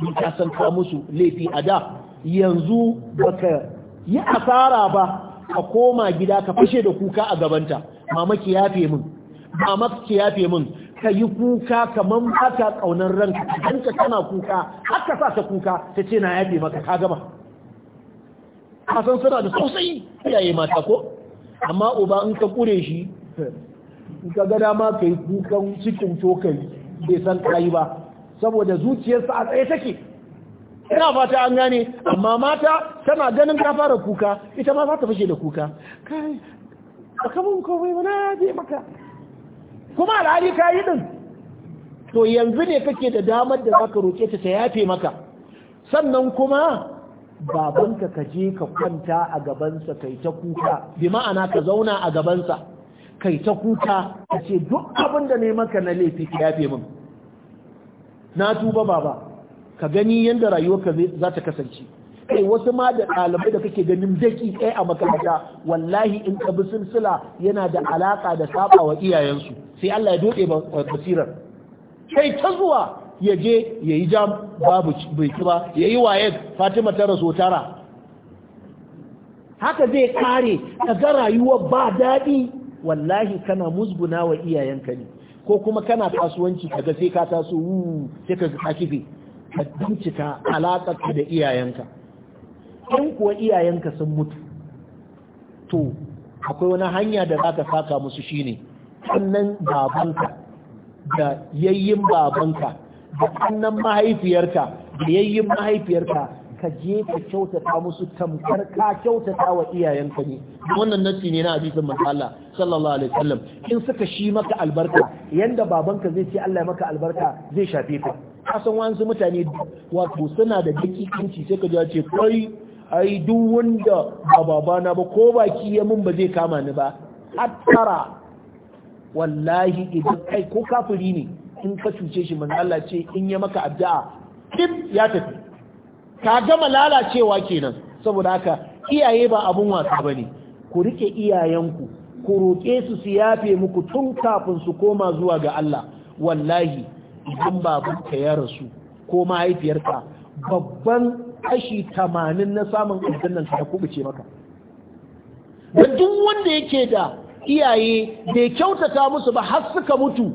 in ka san ka musu laifi a da yanzu ba ka yi asara ba ka koma gida ka fashe da kuka a gabanta mama ki yafe min mama ki yafe min ka yi kuka kamar ka kaunar ranka dan ka tana kuka haka sa ta kuka ta ce na yafe maka ka gama ka san suna da sosai iyaye mata ko amma uba in ka kure shi in ka ga dama ka yi kukan cikin tokali bai san kayi ba saboda zuciyarsa a tsaye take ina fata an gane amma mata tana ganin ta fara kuka ita ma za ta fashe da kuka kai a kamun kawai ba zai maka kuma al'adi ka yi din to yanzu ne kake da damar da za ka roƙe ta ta yafe maka sannan kuma babanka ka je ka kwanta a gabansa kai ta kuka bi ma'ana ka zauna a gabansa kai ta kuka a ce duk abin da ne maka na laifi ka yafe min na tuba baba ka gani yadda rayuwarka za ta kasance kai wasu ma da ɗalibai da kake ganin daki ɗaya a makaranta wallahi in ka bi silsila yana da alaka da saba wa iyayensu sai Allah ya doɗe basirar kai ta zuwa ya je ya yi jam babu bai ba ya yi waye fatima ta raso tara haka zai kare ka ga rayuwar ba daɗi wallahi kana musguna wa iyayenka ne ko kuma kana kasuwanci kaga sai ka taso wu sai ka ka ka alaƙarka da iyayenka in kuwa iyayenka sun mutu to akwai wani hanya da za ka saka musu shine sannan babanka da yayyin babanka da sannan mahaifiyarka da yayyin mahaifiyarka ka je ka kyautata musu tamkar ka kyautata wa iyayenka ne wannan nasi ne na hadisin manzo Allah sallallahu alaihi wasallam in suka shi maka albarka yanda babanka zai ce Allah ya maka albarka zai shafe ka kasan wasu mutane wato suna da dakikanci sai ka ce kai ai duk wanda ba babana ba ko baki ya mun ba zai kama ni ba hattara wallahi idan kai ko kafiri ne in ka cuce shi manzo Allah ce in ya maka addu'a tip ya tafi ka gama lalacewa kenan saboda haka iyaye ba abun wasa bane ku rike iyayenku ku roƙe su su yafe muku tun kafin su koma zuwa ga Allah wallahi idan babanka ya rasu ko mahaifiyarka babban kashi tamanin na samun aljannan ka kubuce maka da duk wanda yake da iyaye bai kyautata musu ba har suka mutu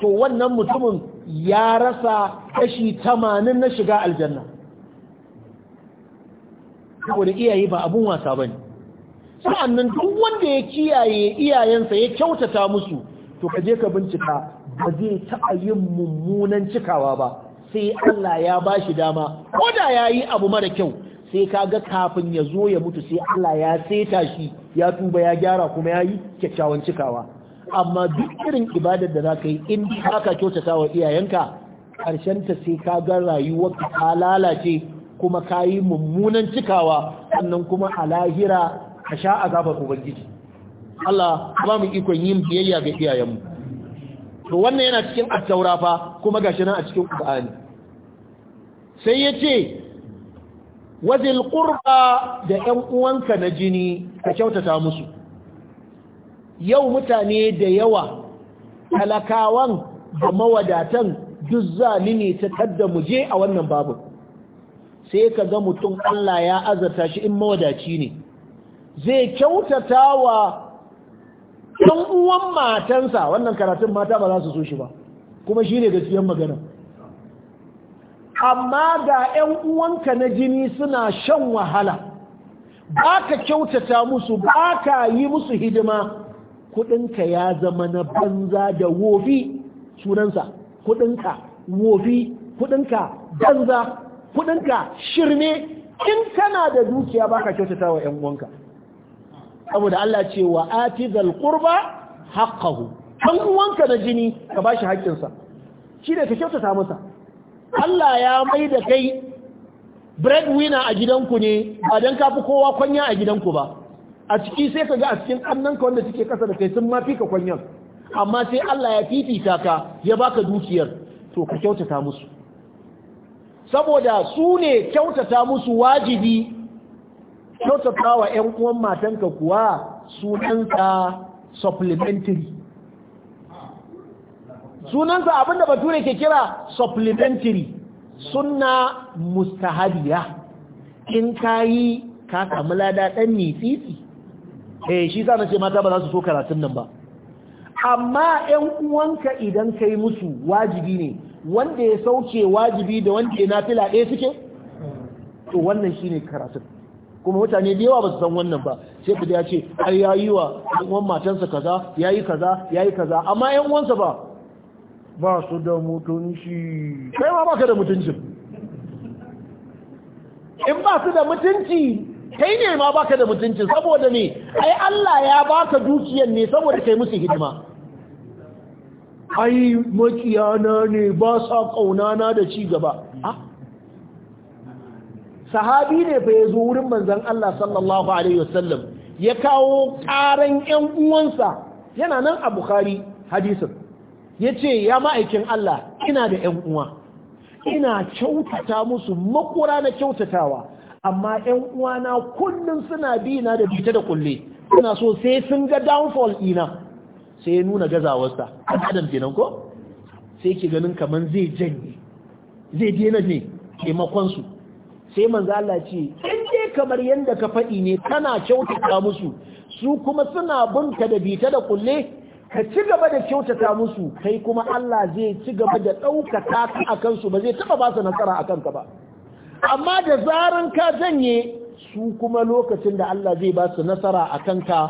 to wannan mutumin ya rasa kashi tamanin na shiga aljanna saboda iyaye ba abun wasa ba ne. sa'annan duk wanda ya kiyaye iyayensa ya kyautata musu to ka je ka bincika ba zai taɓa yin mummunan cikawa ba sai Allah ya ba shi dama ko da ya yi abu mara kyau sai ka ga kafin ya zo ya mutu sai Allah ya seta shi ya tuba ya gyara kuma ya yi kyakkyawan cikawa amma duk irin ibadar da za ka yi in aka kyautata wa iyayenka ta sai ka ga rayuwar ka lalace kuma ka yi mummunan cikawa sannan kuma a lahira ka sha a gafar ubangiji Allah ba mu ikon yin biyayya ga iyayenmu to wannan yana cikin attaura fa kuma gashi nan a cikin Qur'ani sai yace wazil qurba da 'yan uwanka na jini ka kyautata musu yau mutane da yawa talakawan da mawadatan duk zalimi ta kadda je a wannan babu sai ka ga mutum Allah ya azarta shi in mawadaci ne zai kyautata wa ɗan uwan matansa wannan karatun mata ba za su so shi ba kuma shi ne gaskiyar magana amma ga 'yan uwanka na jini suna shan wahala ba ka kyautata musu ba ka yi musu hidima kudinka ya zama na banza da wofi sunansa kudinka wofi kudinka banza kudinka shirme in kana da dukiya baka kyautata wa 'yan uwanka saboda Allah ce wa atizal qurba haqqahu ɗan uwanka da jini ka bashi haƙƙinsa shi ne ka kyautata masa Allah ya mai da kai breadwinner a gidanku ne ba dan ka fi kowa kwanya a gidanku ba a ciki sai ka ga a cikin annanka wanda suke kasa da kai sun ma fika kwanyan amma sai Allah ya fifita ka ya baka dukiyar to ka kyautata musu saboda su ne kyautata musu wajibi kyautata wa 'yan uwan matanka kuwa sunansa supplementary sunansa abinda bature ke kira supplementary suna mustahabiya in ka yi ka samu lada ɗan nitsitsi eh shi sa na ce mata ba za su so karatun nan ba amma 'yan uwanka idan kai musu wajibi ne wanda ya sauke wajibi da wanda ya nafila ɗaya suke to wannan shine karatun kuma mutane da yawa ba su san wannan ba sai ku ya ce ai yayi wa ɗan matansa kaza yayi kaza yayi kaza amma ƴan uwansa ba ba su da mutunci kai ma baka da mutuncin in ba su da mutunci kai ne ma baka da mutunci saboda ne ai Allah ya baka dukiyar ne saboda kai musu hidima ai makiyana ne ba sa na da ci gaba ah. sahabi ne fa ya zo wurin manzan Allah sallallahu alaihi wasallam ya kawo ƙaran 'yan uwansa yana nan a Bukhari hadisin ya ce ya ma'aikin Allah ina da 'yan uwa ina kyautata musu makura na kyautatawa amma 'yan uwana kullum suna bi na da bita da kulle suna so sai sun ga downfall ina sai ya nuna gazawarsa an adam kenan ko sai ke ganin kamar zai janye zai dena ne taimakon su sai manzo Allah ce in dai kamar yanda ka faɗi ne kana kyautata musu su kuma suna bunta da bita da kulle ka ci gaba da kyautata musu kai kuma Allah zai ci gaba da ɗaukaka ka akan su ba zai taɓa ba su nasara akan ka ba amma da zaran ka janye su kuma lokacin da Allah zai ba su nasara akan ka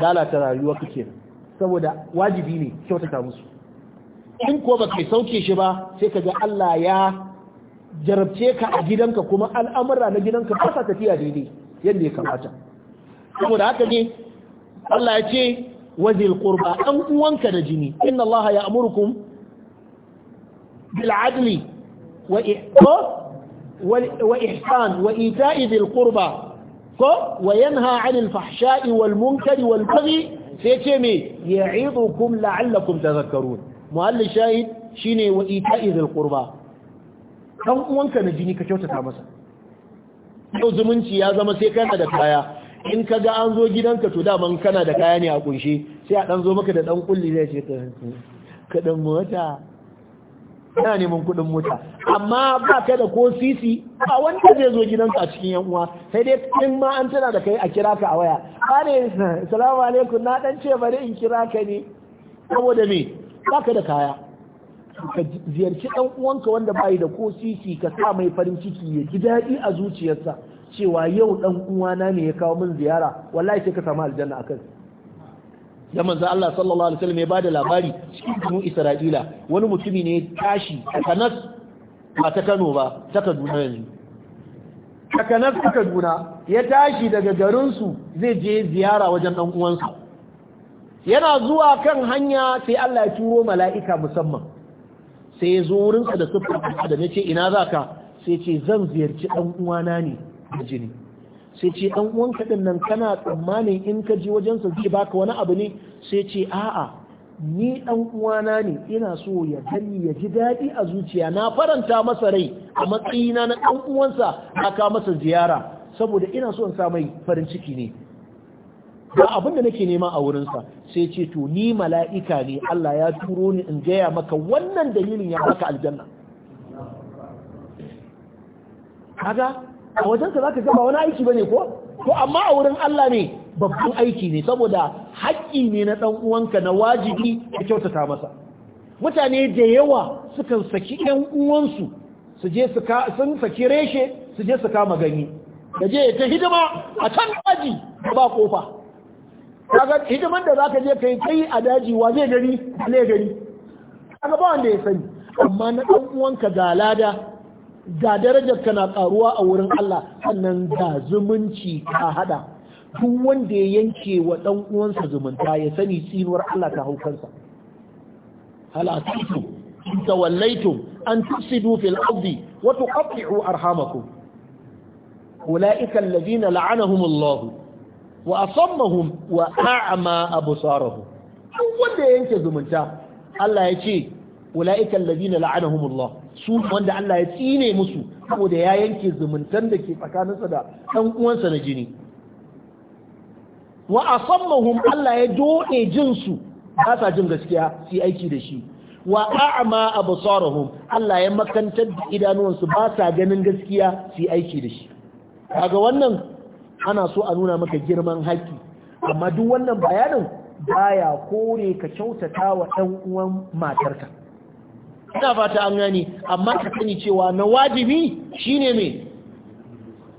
lalata rayuwa kake kenan saboda wajibi ne kyautata musu in ko ba kai sauke shi ba sai ka ga Allah ya jarabce ka a gidanka kuma al'amura na gidanka ba sa tafiya daidai yadda ya kamata saboda haka ne Allah ya ce wazil qurba an uwanka da jini inna Allah ya amurukum bil adli wa wa ihsan wa ita'i dhil qurba ko wa yanha 'anil fahsha'i wal munkari wal baghi sai ce me ya'idukum la'allakum tadhakkarun muhallin shahid shine wa ita'izil qurba dan uwanka na jini ka kyautata masa yau zumunci ya zama sai kana da kaya in ka ga an zo gidanka to daman kana da kaya ne a kunshe sai a dan zo maka da dan kulli zai ce ka dan mota yana neman kuɗin mota amma ba ka da ko sisi ba wanda zai zo gidanka a cikin yan uwa sai dai in ma an tana da kai a kira ka a waya ne salamu alaikum na dan ce bari in kira ka ne saboda me ba ka da kaya ka ziyarci dan uwanka wanda bai da ko sisi ka sa mai farin ciki ya ji daɗi a zuciyarsa cewa yau dan uwana ne ya kawo min ziyara wallahi sai ka samu aljanna akan da manzo Allah sallallahu alaihi wasallam ya bada labari cikin banu Isra'ila wani mutumi ne tashi takanas ba ta Kano ba ta Kaduna yanzu takanas ta Kaduna ya tashi daga garin su zai je ziyara wajen dan uwansa yana zuwa kan hanya sai Allah ya turo mala'ika musamman sai ya zo wurinsa da sufar da nace ina zaka sai ce zan ziyarci dan uwana ne da jini sai ce dan uwanka din nan kana tsammanin in ka ji wajen sa zai baka wani abu ne sai ce a'a ni dan uwana ne ina so ya gani ya ji daɗi a zuciya na faranta masa rai a matsayina na dan uwansa aka masa ziyara saboda ina so in sa mai farin ciki ne ba abin da nake nema a wurinsa sai ce to ni mala'ika ne Allah ya turo ni in gaya maka wannan dalilin ya baka aljanna kaga a ka zaka ga ba wani aiki ba ne ko Ko amma a wurin Allah ne babban aiki ne saboda haƙƙi ne na ɗan uwanka na wajibi ya kyautata masa mutane da yawa sukan saki ɗan su su sun saki reshe su je su kama gani da je ta hidima a can daji da ba kofa kaga hidiman da za ka je kai kai a daji wa zai gari gari kaga ba wanda ya sani amma na ɗan uwanka ga lada ga darajar ka na karuwa a wurin Allah sannan ga zumunci ka hada duk wanda ya yanke wa dan uwansa zumunta ya sani tsinuwar Allah ta haukansa halatitu in tawallaitum an tufsidu fil ardi wa tuqatti'u arhamakum ulaika alladhina la'anahum Allah wa asammahum wa a'ma absarahum duk wanda ya yanke zumunta Allah ya ce ulaika alladhina la'anahum Allah su wanda Allah ya tsine musu saboda ya yanke zumuntan da ke tsakaninsa da ɗan uwansa na jini wa a asammahum Allah ya doɗe jinsu ba sa jin gaskiya su aiki da shi wa ma a a absarahum Allah ya makantar da idanuwansu ba sa ganin gaskiya su aiki da shi ga wannan ana so a nuna maka girman haƙƙi amma duk wannan bayanin baya kore ka kyautata wa ɗan uwan matarka ta fata an gani amma ka sani cewa na wajibi shine me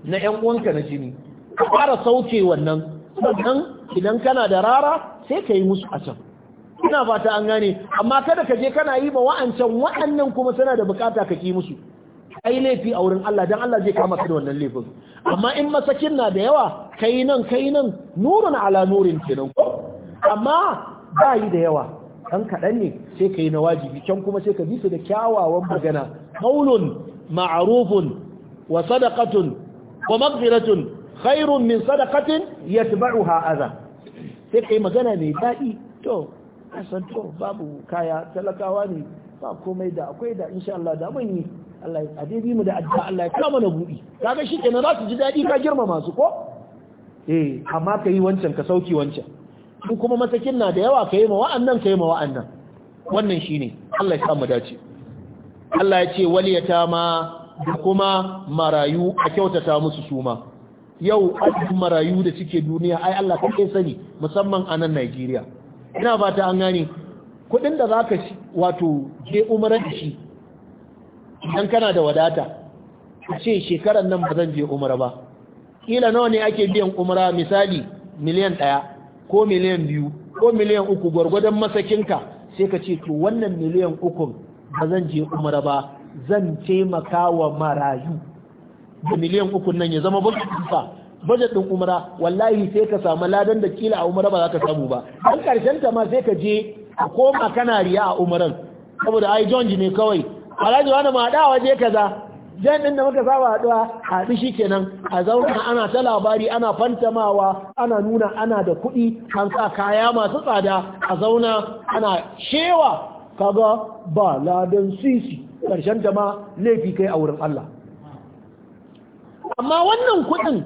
na ƴan uwanka na jini ka fara sauke wannan sannan idan kana da rara sai ka yi musu a can ina fata an gane amma kada ka je kana yi ba wa'ancan wa'annan kuma suna da bukata ka ki musu ai laifi a wurin Allah dan Allah zai kama ka da wannan laifin amma in masakin na da yawa kai nan kai nan nurun ala nurin kenan amma ba yi da yawa ɗan kaɗan ne sai ka yi na wajibi can kuma sai ka bi su da kyawawan magana qaulun ma'rufun wa sadaqatun wa maghfiratun khairun min sadaqatin yatba'uha adha sai ka yi magana mai daɗi to san to babu kaya talakawa ne ba komai da akwai da insha Allah da mun yi Allah a dai mu da addu'a Allah ya kama na buɗi kaga shi kenan za su ji daɗi ka girmama su ko eh amma ka yi wancan ka sauki wancan in kuma matakin na da yawa ka yi ma wa'annan ka yi ma wa'annan wannan shine Allah ya samu dace Allah ya ce waliyata ma da kuma marayu a kyautata musu suma yau ajin marayu da suke duniya ai Allah kai sani musamman a nan Najeriya ina fata an gane kudin da zaka wato je umrar shi idan kana da wadata a ce shekarar nan ba zan je umra ba kila nawa ne ake biyan umara misali miliyan ɗaya ko miliyan biyu ko miliyan uku gwargwadon masakinka sai ka ce to wannan miliyan uku ba zan je umara ba zan taimaka wa marayu da miliyan uku nan ya zama ba Bajet din umara wallahi sai ka samu ladan da kila a umara ba za ka samu ba dan karshen ta ma sai ka je a koma kana riya a umaran saboda ai jonji ne kawai alhaji wani ma da waje kaza jan ɗin da muka saba haɗuwa, haɗu shi kenan a zauna ana ta labari ana fantamawa ana nuna ana da kuɗi an sa kaya masu tsada a zauna ana shewa kaga ba ladan sisi karshen ta ma laifi kai a wurin Allah amma wannan kuɗin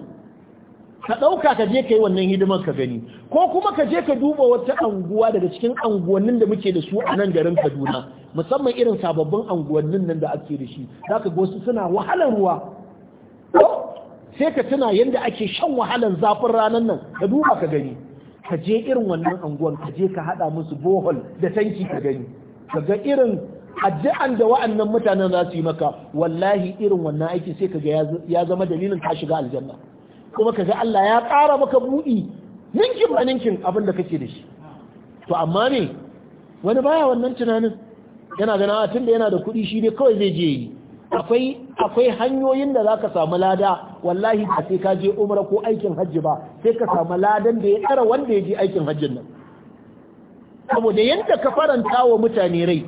ka ɗauka ka je ka yi wannan hidimar ka gani ko kuma ka je ka duba wata anguwa daga cikin anguwannin da muke da su a nan garin Kaduna musamman irin sababbin anguwannin nan da ake da shi zaka ga wasu suna wahalar ruwa sai ka tuna yadda ake shan wahalan zafin ranar nan ka duba ka gani ka je irin wannan anguwan ka je ka hada musu bohol da tanki ka gani ka ga irin addu'an da wa'annan mutanen za su yi maka wallahi irin wannan aiki sai ka ga ya zama dalilin ka shiga aljanna kuma ka ga Allah ya ƙara maka buɗi ninkin ba ninkin abin da kake da shi to amma ne wani baya wannan tunanin yana gana a ah, tunda yana da kuɗi shi ne kawai zai je yi akwai akwai hanyoyin da zaka samu lada wallahi ba sai ka je umra ko aikin hajji ba sai ka samu ladan da ya tsara wanda ya je aikin hajjin nan saboda yadda ka faranta wa mutane rai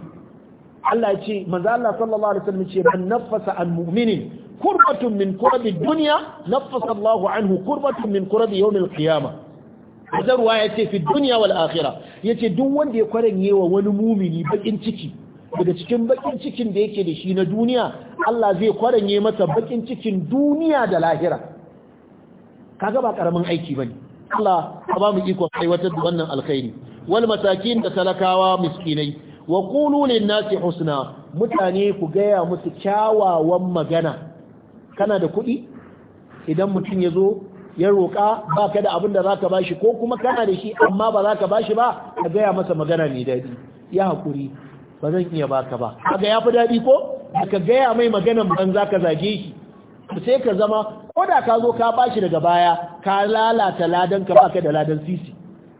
Allah ya ce manzo Allah sallallahu alaihi wasallam ce man nafasa an mu'minin qurbatun min qurabi dunya nafasa Allahu anhu kurbatun min qurabi yawm qiyamah azarwa ya ce fi duniya wal akhira ya ce duk wanda ya kwaranye wa wani mumini bakin ciki daga cikin bakin cikin da yake da shi na duniya Allah zai kwaranye masa bakin cikin duniya da lahira kaga ba karamin aiki bane Allah ka ba mu iko aiwatar da wannan alkhairi wal matakin da talakawa miskinai wa qulu lin nasi husna mutane ku gaya musu kyawawan magana kana da kuɗi idan mutum ya zo ya roƙa ba ka da abin da za ka bashi ko kuma kana da shi amma ba za ka bashi ba ka gaya masa magana mai daɗi ya haƙuri ba zan iya baka ba kaga ya fi daɗi ko da ka gaya mai magana ban za ka zage shi sai ka zama ko da ka zo ka bashi daga baya ka lalata ladan ka baka da ladan sisi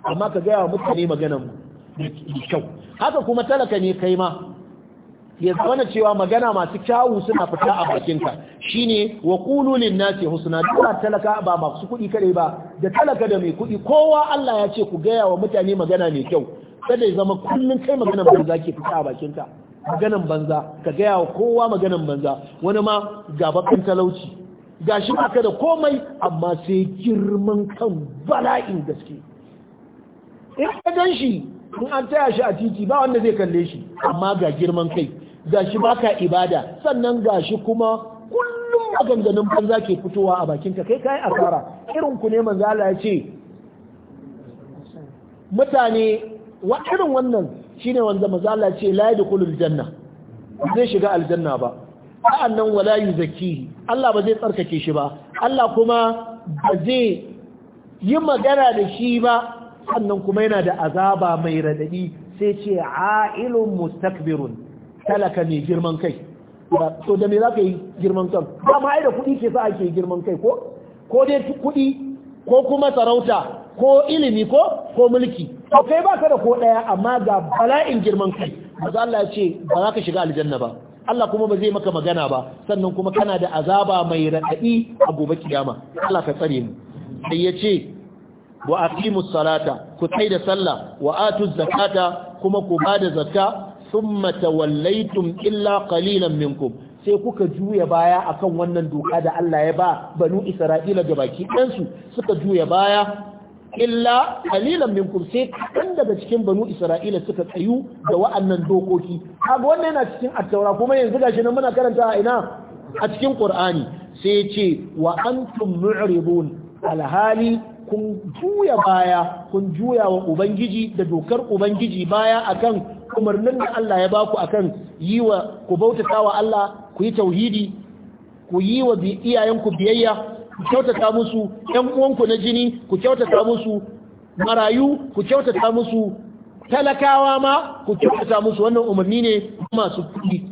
amma ka gaya wa mutane maganan mu da kyau haka kuma talaka ne kai ma ya zama cewa magana masu kyawu suna fita a bakinka shine wa qulu lin nasi husna da talaka ba masu kuɗi kare ba da talaka da mai kuɗi kowa Allah ya ce ku gaya wa mutane magana mai kyau kada ya zama kullun kai magana banza ke fita a bakinka maganan banza ka gaya wa kowa maganan banza wani ma gabakan talauci gashi baka da komai amma sai girman kan bala'in gaske in ka gan shi in an taya shi a titi ba wanda zai kalle shi amma ga girman kai gashi baka ibada sannan gashi kuma kullum maganganun banza ke fitowa a bakinka kai kai asara irin ku ne manzo Allah ya ce mutane wa irin wannan shine wanda manzo Allah ya ce la yadkhulul janna zai shiga aljanna ba sa'annan wala yuzakkihi Allah ba zai tsarkake shi ba Allah kuma ba zai yi magana da shi ba sannan kuma yana da azaba mai radadi sai ce a'ilun mustakbirun talaka mai girman kai to da me za ka yi girman kan ba ma da kuɗi ke sa ake girman kai ko ko dai kuɗi ko kuma sarauta ko ilimi ko ko mulki to kai ba ka da ko ɗaya amma ga bala'in girman kai maza Allah ce ba za ka shiga aljanna ba Allah kuma ba zai maka magana ba sannan kuma kana da azaba mai raɗaɗi a gobe kiyama Allah ka tsare mu sai ya ce wa aqimus salata ku tsai da sallah wa atuz zakata kuma ku ba da zakka sun tawallaytum illa kalilan minkum sai kuka juya baya akan wannan doka da Allah ya ba banu Isra'ila da baki ɗansu suka juya baya illa kalilan minkum sai kan daga cikin banu Isra'ila suka tsayu da wa'annan dokoki kaga wannan yana cikin attaura kuma yanzu gashi nan muna karanta a ina a cikin Qur'ani sai ce wa antum mu'ridun alhali kun juya baya kun juya wa ubangiji da dokar ubangiji baya akan umarnin da Allah ya baku akan yi wa ku bautata wa Allah ku yi tauhidi ku yi wa iyayenku biyayya ku kyautata musu ɗan uwanku na jini ku kyautata musu marayu ku kyautata musu talakawa ma ku kyautata musu wannan umarni ne masu kudi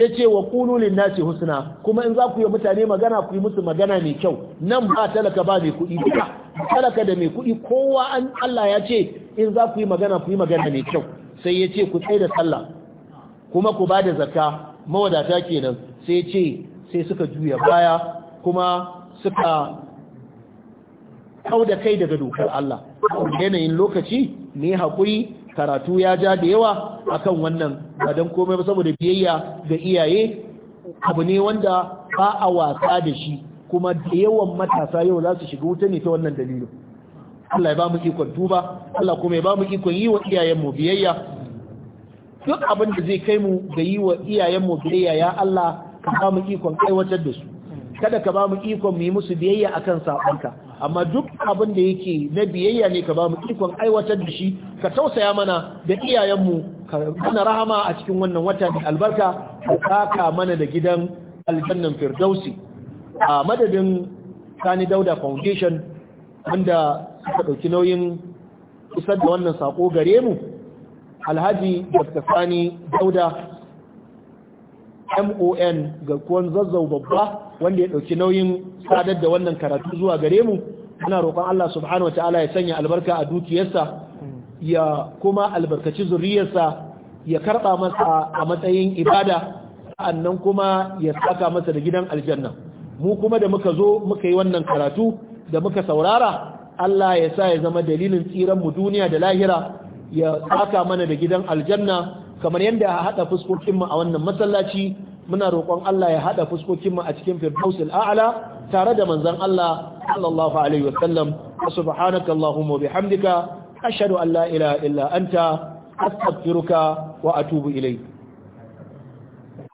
ya ce wa kulu nasi husna kuma in za ku yi mutane magana ku yi musu magana mai kyau nan ba talaka ba mai kuɗi ba talaka da mai kuɗi kowa an Allah ya ce in za ku yi magana ku yi magana mai kyau sai ya ce ku tsaye da sallah kuma ku ba da zakka mawadata kenan sai ce sai suka juya baya kuma suka kau da kai daga dokar Allah yanayin lokaci ne haƙuri karatu ya ja da yawa akan wannan ba don komai ba saboda biyayya ga iyaye abu ne wanda ba a wasa da shi kuma da yawan matasa yau za su shiga wuta ne ta wannan dalilin Allah ya ba mu ikon tuba Allah kuma ya ba mu ikon yi wa iyayenmu biyayya duk abin da zai kai mu da yi wa iyayenmu biyayya ya Allah ka ba mu ikon aiwatar da su kada ka ba mu ikon mu yi musu biyayya akan sabanka amma duk abin da yake na biyayya ne ka ba mu ikon aiwatar da shi ka tausaya mana da iyayenmu ka mana rahama a cikin wannan wata da albarka ka saka mana da gidan aljannan firdausi a madadin sani dauda foundation wanda suka ɗauki nauyin isar da wannan sako gare mu alhaji dr sani dauda mon ga kuwan zazzau babba wanda ya ɗauki nauyin sadar da wannan karatu zuwa gare mu Ana roƙon allah subhanahu ta'ala ya sanya albarka a dukiyarsa ya kuma albarkaci zuriyarsa ya karɓa masa a matsayin ibada sa'annan kuma ya saka masa da gidan aljanna mu kuma da muka zo muka yi wannan karatu da muka saurara Allah ya sa ya zama dalilin tsiran mu duniya da lahira ya tsaka mana da gidan aljanna kamar yadda ya haɗa fuskokinmu a wannan masallaci muna roƙon Allah ya haɗa fuskokinmu a cikin firdausul a'la tare da manzon Allah sallallahu alaihi wasallam subhanaka allahumma bihamdika ashhadu an la ilaha illa anta astaghfiruka wa atubu ilayk